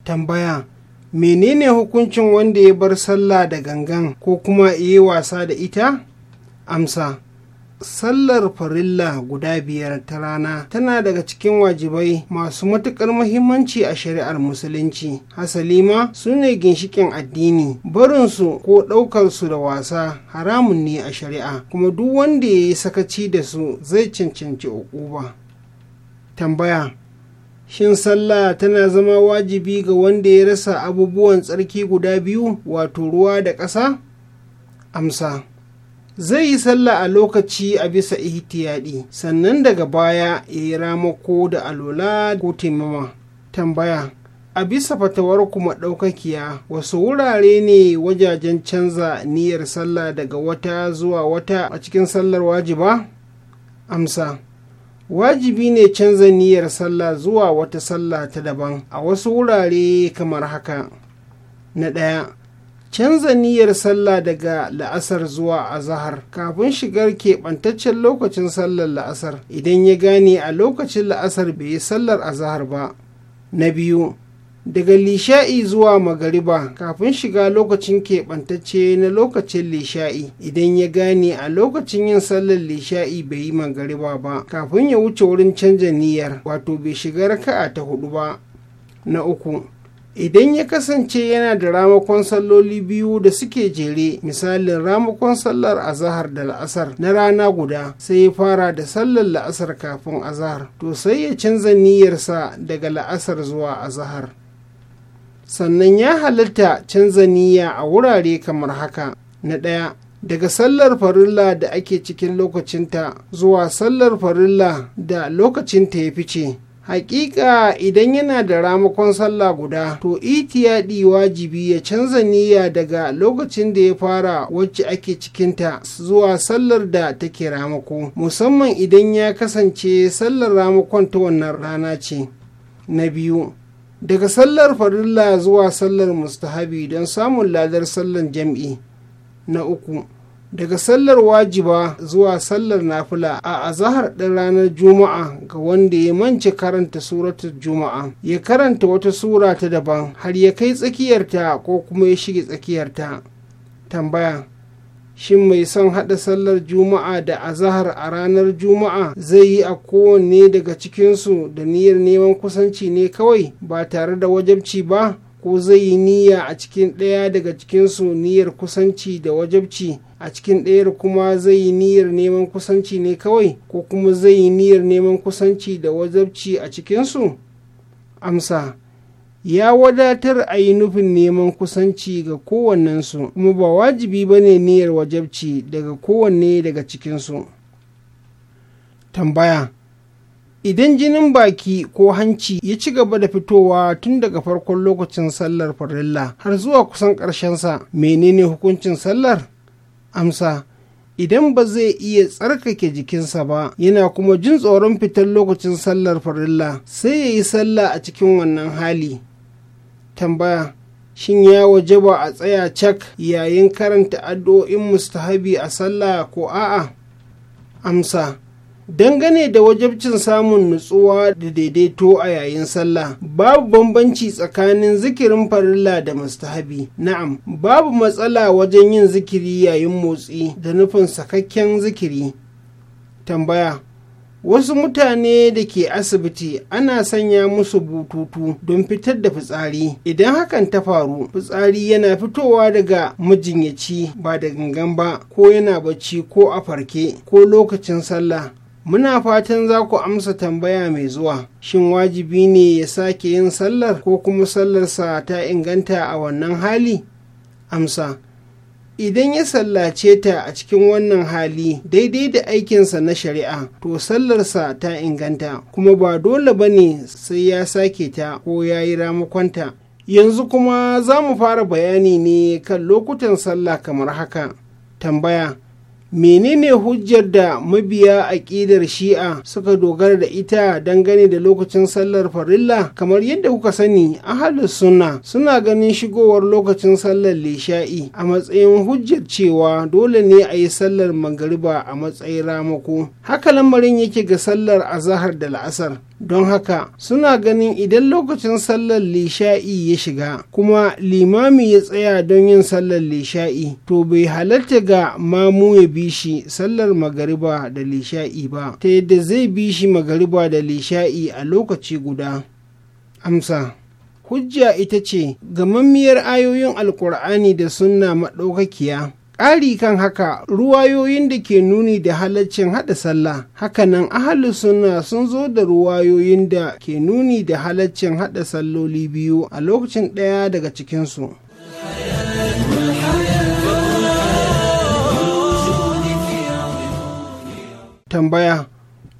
tambaya menene hukuncin wanda ya bar sallah da gangan ko kuma iya wasa da ita amsa sallar farilla guda biyar ta rana tana daga cikin wajibai masu matuƙar muhimmanci a shari'ar musulunci hasali ma su ne ginshikin addini barinsu ko ɗaukarsu da wasa haramun ne a shari'a kuma duk wanda ya yi sakaci da su zai cancanci uquba tambaya shin sallah tana zama wajibi ga wanda ya rasa abubuwan tsarki guda biyu wato ruwa da ƙasa amsa zai yi sallah a lokaci a bisa ihtiyadi sannan daga baya ya yi ramako da alola ko taimama tambaya a bisa fatawar kuma ɗaukakiya wasu wurare ne wajajen canza niyyar sallah daga wata zuwa wata a cikin sallar wajiba amsa wajibi ne canza niyyar sallah zuwa wata sallah ta daban a wasu wurare kamar haka na ɗaya canza niyyar sallah daga la'asar zuwa azahar kafin shigar keɓantaccen lokacin sallar la'asar idan ya gane a lokacin la'asar bai yi sallar azahar ba na biyu daga lisha'i zuwa magariba kafin shiga lokacin keɓantacce na lokacin lisha'i idan ya gane a lokacin yin sallar lisha'i bai yi magariba ba kafin ya wuce wurin canja niyyar wato bai shiga raka'a ta hudu ba na uku idan ya kasance yana da ramakon salloli biyu da suke jere misalin ramakon sallar azahar da la'asar na rana guda sai ya fara da sallar la'asar kafin azahar to sai ya canza niyyarsa daga la'asar zuwa azahar sannan ya halitta canza niyya a wurare kamar haka na ɗaya daga sallar farilla da ake cikin lokacinta zuwa sallar farilla da lokacinta ya fice hakika idan yana da ramakon sallah guda to itiyadi wajibi ya canza niyya daga lokacin da ya fara wacce ake cikinta zuwa sallar da take ramako musamman idan ya kasance sallar ramakon ta wannan rana ce na biyu daga sallar farilla zuwa sallar mustahabi don samun ladar sallar jam'i na uku daga sallar wajiba zuwa sallar nafila a azahar ɗin ranar juma'a ga wanda ya mance karanta suratul juma'a ya karanta wata sura ta daban har ya kai tsakiyarta ko kuma ya shige tsakiyarta tambaya shin mai son haɗa sallar juma'a da azahar a ranar juma'a zai yi a kowanne daga cikinsu da niyyar neman kusanci ne kawai ba tare da wajabci ba ko zai yi niyya a cikin ɗaya daga cikinsu niyyar kusanci da wajabci a cikin ɗayar kuma zai yi niyyar neman kusanci ne kawai ko kuma zai yi niyyar neman kusanci da wajabci a cikinsu amsa ya wadatar a yi nufin neman kusanci ga kowannensu kuma ba wajibi ba ne niyyar wajabci daga kowanne daga cikinsu tambaya idan jinin baki ko hanci ya ci gaba da fitowa tun daga farkon lokacin sallar farilla har zuwa kusan ƙarshensa menene hukuncin sallar amsa idan ba zai iya tsarkake jikinsa ba yana kuma jin tsoron fitar lokacin sallar farilla sai ya yi sallah a cikin wannan hali tambaya shin ya waje ba a tsaya cak yayin karanta addu'o'in mustahabi a sallah ko a'a amsa dangane da wajabcin samun nutsuwa da daidaito a yayin sallah babu bambanci tsakanin zikirin farilla da mustahabi na'am babu matsala wajen yin zikiri yayin motsi da nufin sakakken zikiri tambaya wasu mutane da ke asibiti ana sanya musu bututu don fitar da fitsari idan hakan ta faru fitsari yana fitowa daga mijinyaci ba da gangan ba ko yana bacci ko a farke ko lokacin sallah Muna fatan za ku amsa tambaya mai zuwa, shin wajibi ne ya sake yin sallar ko kuma sallarsa ta inganta a wannan hali? Amsa, idan ya sallace ta a cikin wannan hali daidai da aikinsa na shari'a, to sallarsa ta inganta, kuma ba dole ba ne sai ya sake ta ko ya yi ramakonta. Yanzu kuma za mu fara bayani ne kan lokutan sallah kamar haka. Tambaya. menene hujjar da mabiya aƙidar shi'a suka dogara da ita dangane da lokacin sallar farilla kamar yadda kuka sani ahalus sunna suna ganin shigowar lokacin sallar lisha'i a matsayin hujjar cewa dole ne a yi sallar magariba a matsayin ramako haka lamarin yake ga sallar azahar da la'asar don haka suna ganin idan lokacin sallar lisha'i ya shiga kuma limami ya tsaya don yin sallar lisha'i to bai halarta ga mamu ya bi shi sallar magariba da lisha'i ba ta yadda zai bi shi magariba da lisha'i a lokaci guda amsa hujja ita ce gamammiyar ayoyin alkur'ani da sunna maɗaukakiya ƙari kan haka ruwayoyin da ke nuni da halaccin haɗa sallah hakanan ahalus sunna sun zo da ruwayoyin da ke nuni da halaccin haɗa salloli biyu a lokacin ɗaya daga cikinsu tambaya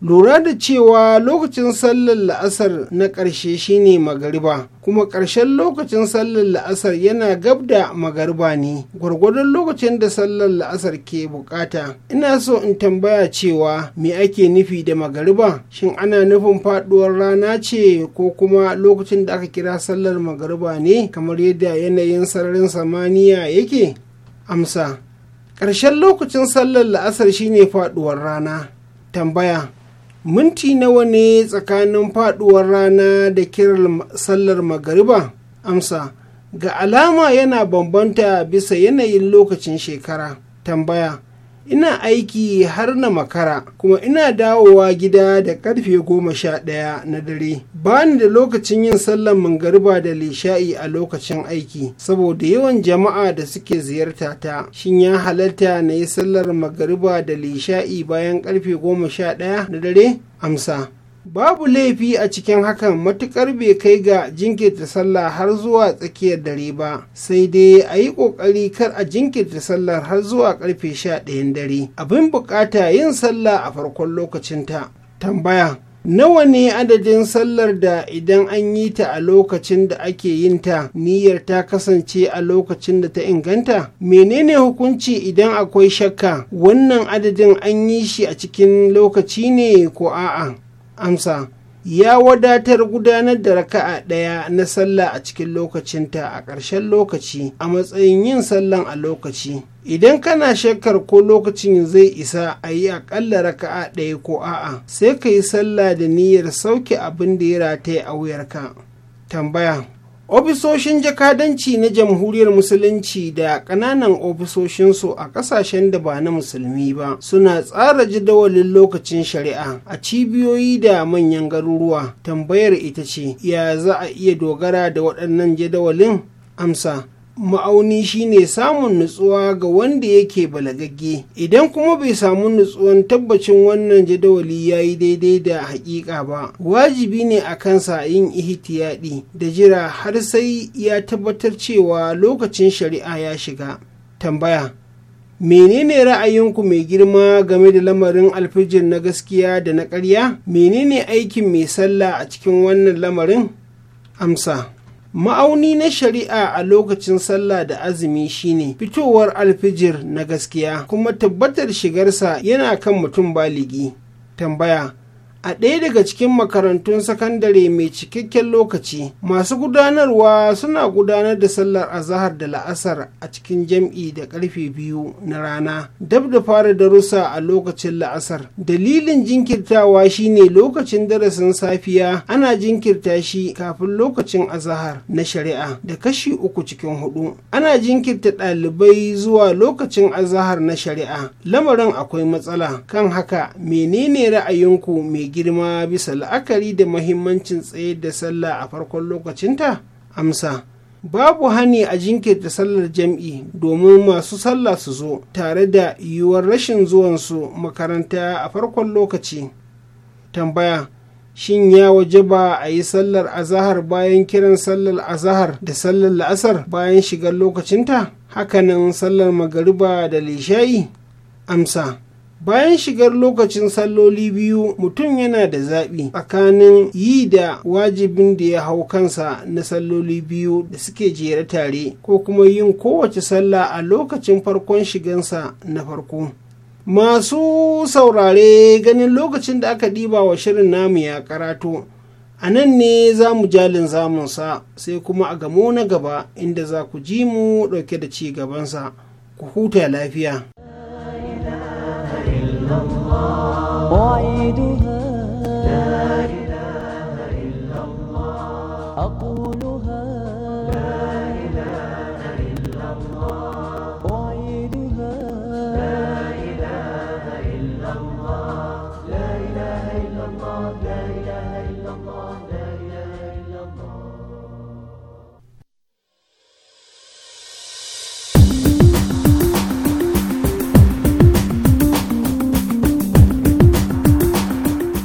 lura da cewa lokacin sallar la'asar na ƙarshe shine magariba kuma ƙarshen lokacin sallar la'asar yana gab da magariba ne gwargwadon lokacin da sallar la'asar ke bukata ina so in tambaya cewa me ake nufi da magariba shin ana nufin faduwar rana ce ko kuma lokacin da aka kira sallar magariba ne kamar yadda yanayin sararin samaniya yake amsa ƙarshen lokacin sallar la'asar shine faduwar rana tambaya minti nawa ne tsakanin faduwar rana da kiran sallar magariba amsa ga alama yana bambanta bisa yanayin lokacin shekara tambaya ina aiki har na makara kuma ina dawowa gida da karfe goma sha ɗaya na dare bani da lokacin yin sallar mangariba da lishai a lokacin aiki saboda yawan jama'a da suke ziyarta ta shin ya halatta na yi sallar magariba da lishai bayan karfe goma sha ɗaya na dare amsa babu laifi a cikin hakan matukar bai kai ga jinkirta sallah har zuwa tsakiyar dare ba sai dai a yi kokari kar a jinkirta sallar har zuwa karfe sha ɗayan dare abin bukata yin sallah a farkon lokacinta tambaya nawa ne adadin sallar da idan an yi ta a lokacin da ake yin ta niyyar ta kasance a lokacin da ta inganta menene hukunci idan akwai shakka wannan adadin an yi shi a cikin lokaci ne ko a'a amsa ya wadatar gudanar da raka'a ɗaya na sallah a cikin lokacinta a ƙarshen lokaci a matsayin yin sallan a lokaci idan kana shakkar ko lokacin zai isa a yi aƙalla raka'a ɗaya ko a'a sai ka yi sallah da niyyar sauke abin da ya rataye a wuyarka tambaya ofisoshin jakadanci na jamhuriyar musulunci da ƙananan ofisoshinsu a ƙasashen da ba na musulmi ba suna tsara jadawalin lokacin shari'a a cibiyoyi da manyan garuruwa tambayar ita ce ya za a iya dogara da waɗannan jadawalin amsa ma'auni shine samun nutsuwa ga wanda yake balagagge idan kuma bai samu nutsuwan tabbacin wannan jadawali ya yi daidai da hakika ba wajibi ne a kansa yin ihtiyadi da jira har sai ya tabbatar cewa lokacin shari'a ya shiga tambaya menene ra'ayinku mai girma game da lamarin alfijir na gaskiya da na ƙarya menene aikin mai sallah a cikin wannan lamarin amsa ma'auni na shari'a a lokacin sallah da azumi shine fitowar alfijir na gaskiya kuma tabbatar shigarsa yana kan mutum baligi tambaya a ɗaya daga cikin makarantun sakandare mai cikakken lokaci masu gudanarwa suna gudanar da sallar azahar da la'asar a cikin jam'i da karfe biyu na rana dab da fara darussa a lokacin la'asar dalilin jinkirtawa shine lokacin darasin safiya ana jinkirta shi kafin lokacin azahar na shari'a da kashi uku cikin hudu ana jinkirta ɗalibai zuwa lokacin azahar na shari'a lamarin akwai matsala kan haka menene ra'ayinku mai girma bisa la'akari da mahimmancin tsaye da sallah a farkon lokacinta amsa babu hani a jinkirta sallar jam'i domin masu sallah su zo tare da yiwuwar rashin zuwansu makaranta a farkon lokaci tambaya shin ya waje ba a yi sallar azahar bayan kiran sallar azahar da sallar la'asar bayan shigar lokacinta hakanan sallar magariba da lishayi amsa bayan shigar lokacin salloli biyu mutum yana da zaɓi tsakanin yi da wajibin da ya hau kansa na salloli biyu da suke jere tare ko kuma yin kowace sallah a lokacin farkon shigansa na farko masu saurare ganin lokacin da aka ɗiba wa shirin namu ya karatu. a nan ne za mu jalin zamunsa sai kuma a gamo na gaba inda za ku ji mu ɗauke da ci gabansa ku huta lafiya أعيدها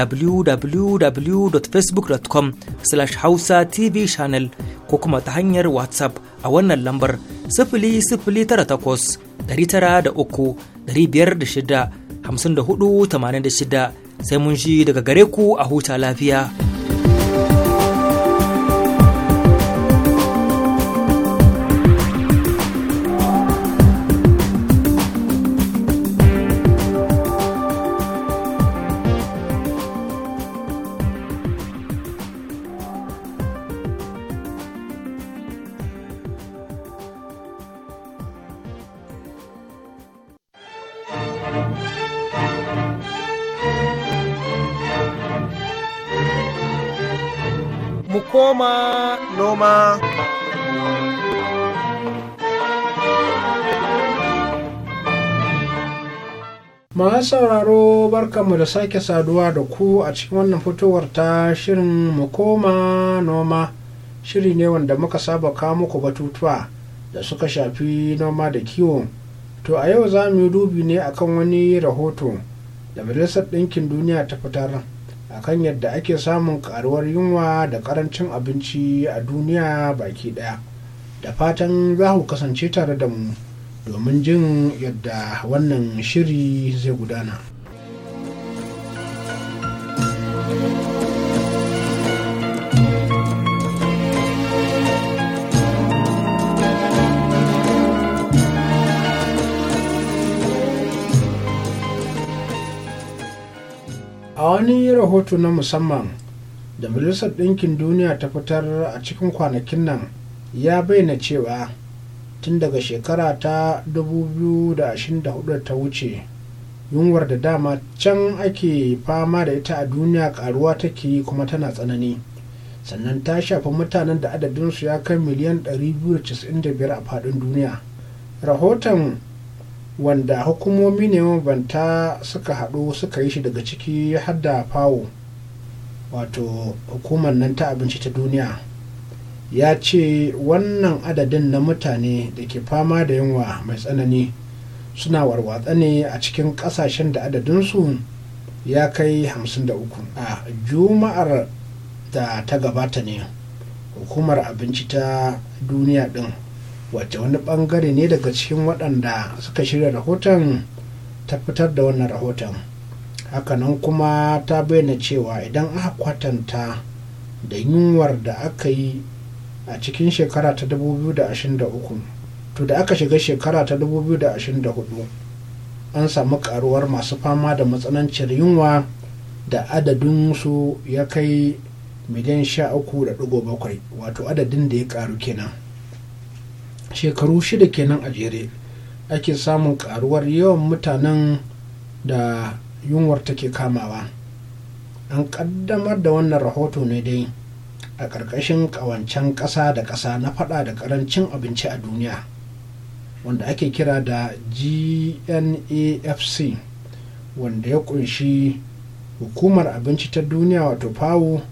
www.facebook.com slash hausa tv channel ko kuma ta hanyar whatsapp a wannan lambar sifili sifili tara takwas ɗari tara da uku biyar da shida hamsin da shida sai mun shi daga gare ku a huta lafiya. Noma noma. Masu sauraro barkanmu da sake saduwa da ku a cikin wannan fitowar ta shirin mu koma noma. Shiri ne wanda muka saba kawo muku batutuwa da suka shafi noma da kiwo. To a yau za mu yi dubi ne akan wani rahoto da Majalisar Ɗinkin Duniya ta fitar. akan yadda ake samun karuwar yunwa da karancin abinci a duniya baki daya da fatan za ku kasance tare da mu domin jin yadda wannan shiri zai gudana. wani rahoto na musamman da majalisar ɗinkin duniya ta fitar a cikin kwanakin nan ya bayyana cewa tun daga shekara ta 2024 ta wuce yunwar da dama can ake fama da ita a duniya karuwa take yi kuma tana tsanani sannan ta shafi mutanen da adadinsu ya kai miliyan 295 a faɗin duniya rahoton wanda hukumomi ne mabanta suka haɗu suka yi shi daga ciki har da fawo wato hukumar nan ta abinci ta duniya ya ce wannan adadin na mutane da ke fama da yunwa mai tsanani suna warwatsa ne a cikin ƙasashen da adadinsu ya kai 53 a juma'ar da ta gabata ne hukumar abinci ta duniya ɗin wacce wani bangare ne daga cikin waɗanda suka shirya rahoton ta fitar da wannan rahoton hakanan kuma ta bayyana cewa idan aka kwatanta da yunwar da aka yi a cikin shekara ta 2023 to da aka shiga shekara ta 2024 an samu karuwar masu fama da matsananciyar yunwa da adadin su ya kai miliyan 13.7 wato adadin da ya karu kenan. shekaru shida kenan a jere ake samun karuwar yawan mutanen da yunwar take kamawa an kaddamar da wannan rahoto ne dai a ƙarƙashin ƙawancen ƙasa da ƙasa na faɗa da ƙarancin abinci a duniya wanda ake kira da gnafc wanda ya kunshi hukumar abinci ta duniya wato fawo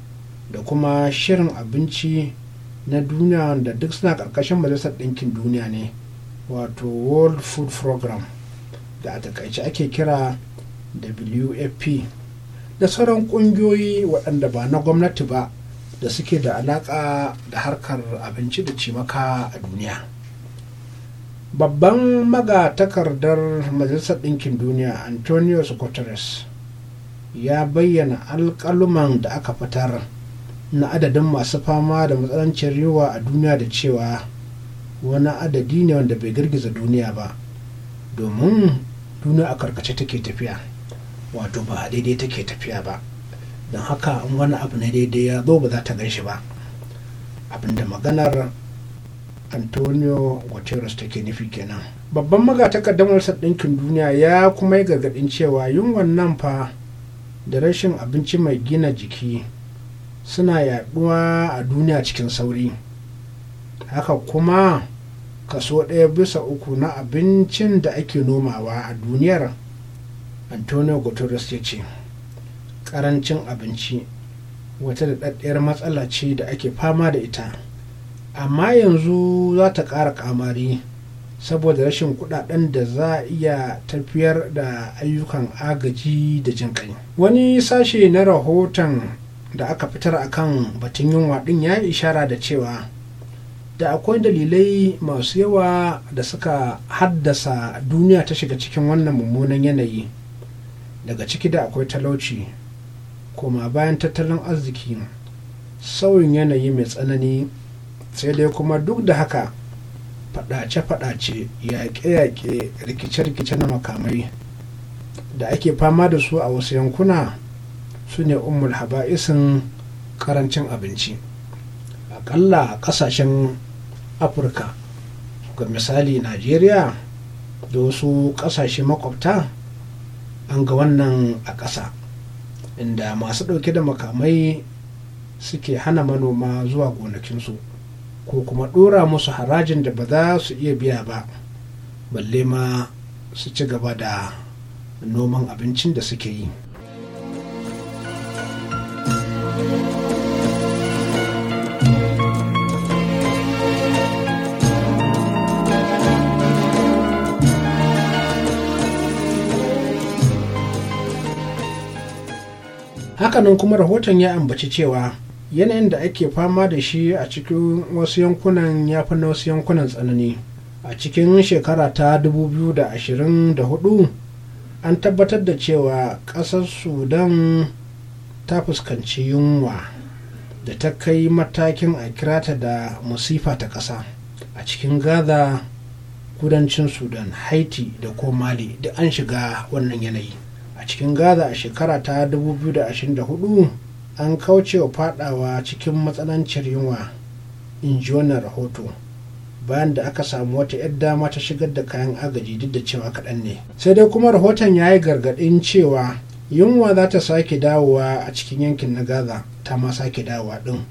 da kuma shirin abinci na duniya da duk suna ƙarƙashin majalisar ɗinkin duniya ne wato world food program da a takaice ake kira wfp da sauran ƙungiyoyi waɗanda ba na gwamnati ba da suke da alaƙa da harkar abinci da cimaka a duniya babban magatakardar majalisar ɗinkin duniya antonio guterres ya bayyana alƙaluman da aka fitar na adadin masu fama da matsalancin yunwa a duniya da cewa wani adadi ne wanda bai girgiza duniya ba domin duniya a karkace take tafiya wato ba a daidai take tafiya ba don haka in wani abu na daidai ya zo ba za ta gan shi ba abinda maganar antonio guterres take nufi kenan babban magatakardar majalisar ɗinkin duniya ya kuma yi gargaɗin cewa yin wannan fa da rashin abinci mai gina jiki suna yaduwa a duniya cikin sauri haka kuma kaso ɗaya bisa uku na abincin da ake nomawa a duniyar antonio guterres ya ce ƙarancin abinci wata da ɗaɗɗiyar matsala ce da ake fama da ita amma yanzu za ta ƙara ƙamari saboda rashin kuɗaɗen da za a iya tafiyar da ayyukan agaji da jinkai wani sashe na rahoton da aka fitar a kan batun yunwa din ya yi ishara da cewa da akwai dalilai masu yawa da suka haddasa duniya ta shiga cikin wannan mummunan yanayi daga ciki da akwai talauci koma bayan tattalin arziki sauyin yanayi mai tsanani sai dai kuma duk da haka fadace-fadace yaƙe-yaƙe rikice-rikice na makamai da ake fama da su a wasu yankuna su ne umul haba'isin karancin abinci akalla a ƙasashen afirka ga misali najeriya da wasu ƙasashe makwabta an ga wannan a ƙasa inda masu ɗauke da makamai suke hana manoma zuwa gonakinsu ko kuma ɗora musu harajin da ba za su iya biya ba balle ma su ci gaba da noman abincin da suke yi hakanan kuma rahoton ya ambaci cewa yanayin da ake fama da shi a cikin wasu yankunan ya fi na wasu yankunan tsanani a cikin shekara ta 2024 an tabbatar da cewa ƙasar sudan ta fuskanci yunwa da ta kai matakin a kirata da musifa ta ƙasa a cikin gaza kudancin sudan haiti da ko mali da an shiga wannan yanayi cikin gaza a shekara ta 2024 an wa fadawa cikin matsanancin yunwa in ji wannan rahoto bayan da aka samu wata 'yar dama ta shigar da kayan agaji duk da cewa kaɗan ne sai dai kuma rahoton ya yi gargaɗin cewa yunwa za ta sake dawowa a cikin yankin na gaza ta ma sake dawowa ɗin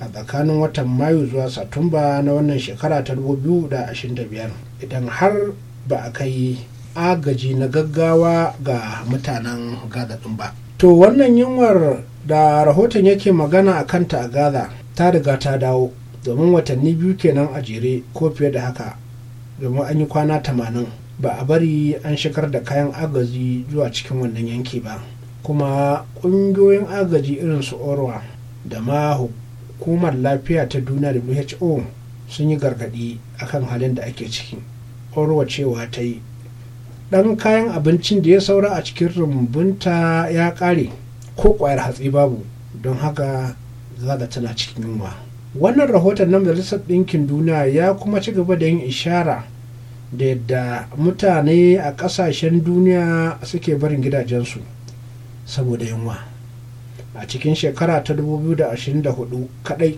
a tsakanin watan mayu zuwa satumba na wannan shekara ta 2025 idan har ba a kai agaji na gaggawa ga mutanen gaza ɗin ba to wannan yunwar da rahoton yake magana a kanta a gaza ta riga ta dawo domin watanni biyu kenan a jere ko fiye da haka domin an yi kwana tamanin ba a bari an shigar da kayan agaji zuwa cikin wannan yanki ba kuma ƙungiyoyin agaji irin su orwa da ma hukumar lafiya ta duniya who sun yi gargaɗi akan halin da ake ciki orwa cewa ta yi ɗan kayan abincin da ya saura a cikin rumbunta ya ƙare ko kwayar hatsi babu don haka zaga tana cikin yunwa wannan rahoton na majalisar ɗinkin duniya ya kuma ci gaba da yin ishara da yadda mutane a ƙasashen duniya suke barin gidajensu saboda yunwa a cikin shekara ta 2024 kadai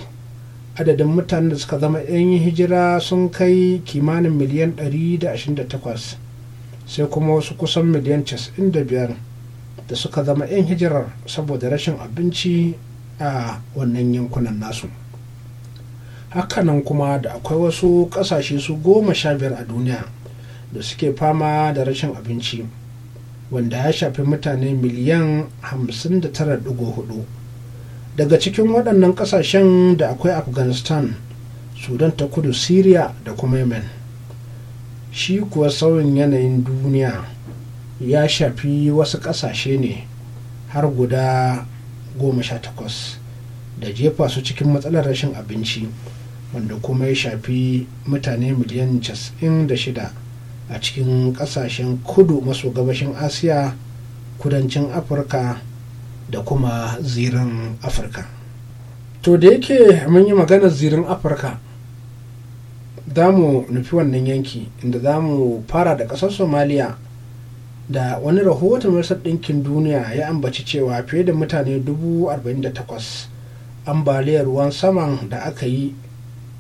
adadin mutanen da suka zama 'yan hijira sun kai kimanin miliyan 128 sai kuma wasu kusan miliyan 95 da biyar da suka zama 'yan hijirar saboda rashin abinci a wannan yankunan nasu hakanan kuma da akwai wasu kasashe su goma sha biyar a duniya da suke fama da rashin abinci wanda ya shafi mutane miliyan 59.4 daga cikin waɗannan ƙasashen da akwai afghanistan sudan ta kudu syria da kuma yemen shi kuwa sauyin yanayin duniya ya shafi wasu ƙasashe ne har guda goma sha takwas da jefa su cikin matsalar rashin abinci wanda kuma ya shafi mutane miliyan da shida a cikin ƙasashen kudu maso gabashin asiya kudancin afirka da kuma zirin afirka to da yake mun yi maganar zirin afirka za mu nufi wannan yanki inda za mu fara da ƙasar somaliya da wani rahoton masar ɗinkin duniya ya ambaci cewa fiye da mutane 48,000 ambaliyar ruwan saman da aka yi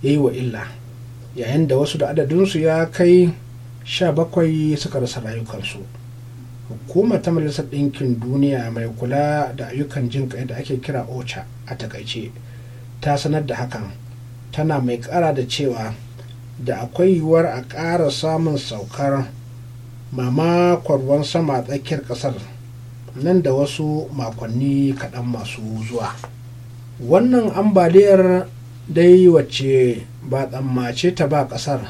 ya yi wa illa yayin da wasu da adadinsu ya kai 17 suka rasa rayukansu hukumar ta majalisar ɗinkin duniya mai kula da ayyukan jin kai da ake kira ocha a takaice ta sanar da hakan tana mai kara da cewa da akwai yiwuwar a ƙara samun saukar mama kwarwan sama tsakiyar ƙasar nan da wasu makonni kaɗan masu zuwa wannan ambaliyar dai wacce ba tsammace ta ba ƙasar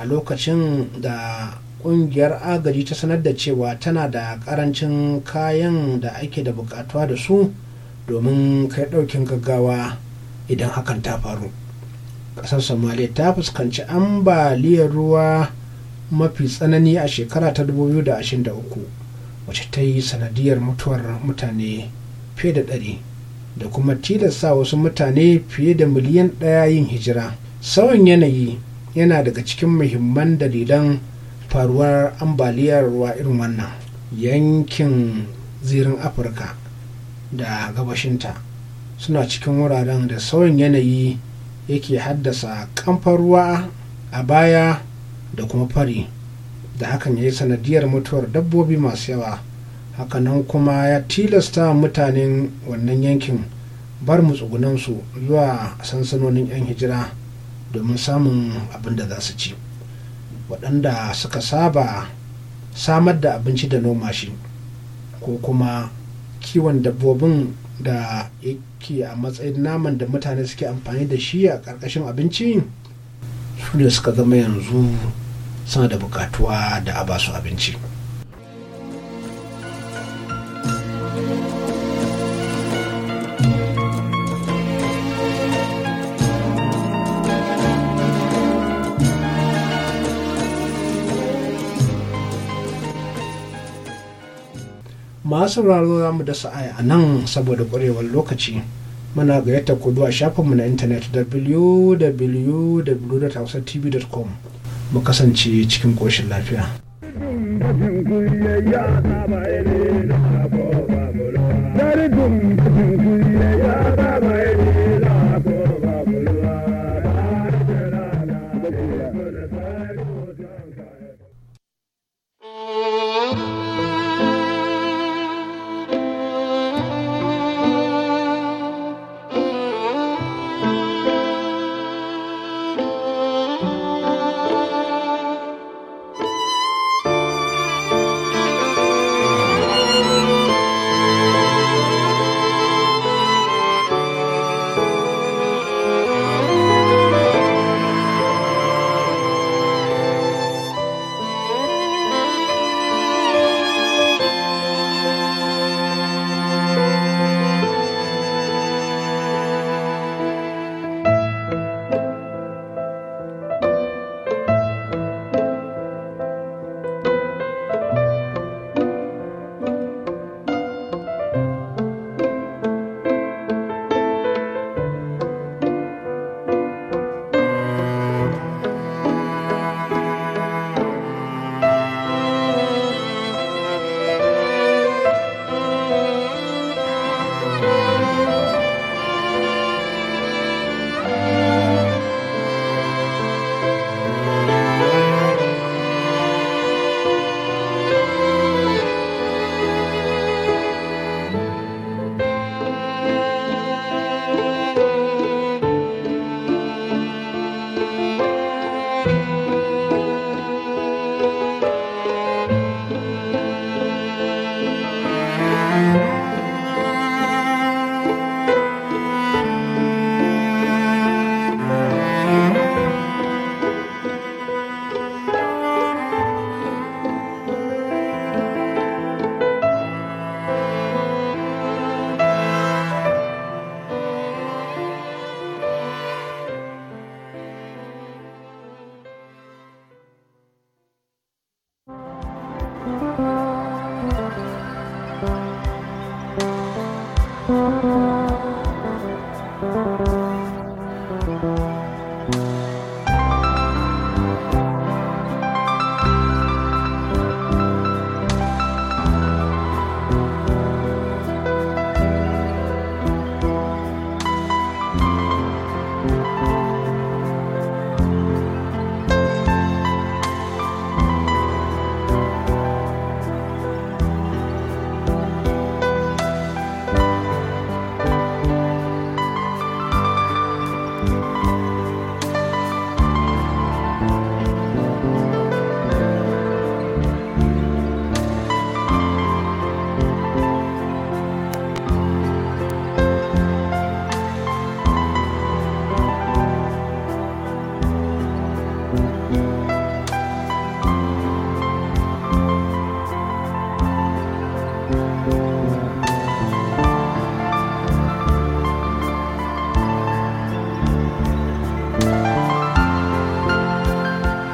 a lokacin da ƙungiyar agaji ta sanar da cewa tana da ƙarancin kayan da ake da buƙatuwa da su domin kai ɗaukin gaggawa idan hakan ta faru Kasar somaliya ta fuskanci ambaliyar ruwa mafi tsanani a shekara ta 2023 wacce ta yi sanadiyar mutuwar mutane fiye da ɗari da kuma tilasta wasu mutane fiye da miliyan ɗaya yin hijira sauyin yanayi yana daga cikin muhimman dalilan faruwar ambaliyar ruwa irin wannan yankin zirin afirka da gabashinta suna cikin wuraren da sauyin yanayi yake haddasa kamfar ruwa a baya da kuma fari da hakan ya yi sanadiyar mutuwar dabbobi masu yawa hakanan kuma ya tilasta mutanen wannan yankin bar su zuwa sansanonin 'yan hijira domin samun abin da za su ci waɗanda suka saba samar da abinci da noma shi ko kuma kiwon dabbobin da yake a matsayin naman da mutane suke amfani da shi a ƙarƙashin abinci su ne suka zama yanzu suna da bukatuwa da a basu abinci masu sauraro za mu dasa aya a nan saboda ƙwarewar lokaci muna gayyata ku zuwa shafinmu na intanet www.hausatv.com mu kasance cikin ƙoshin lafiya.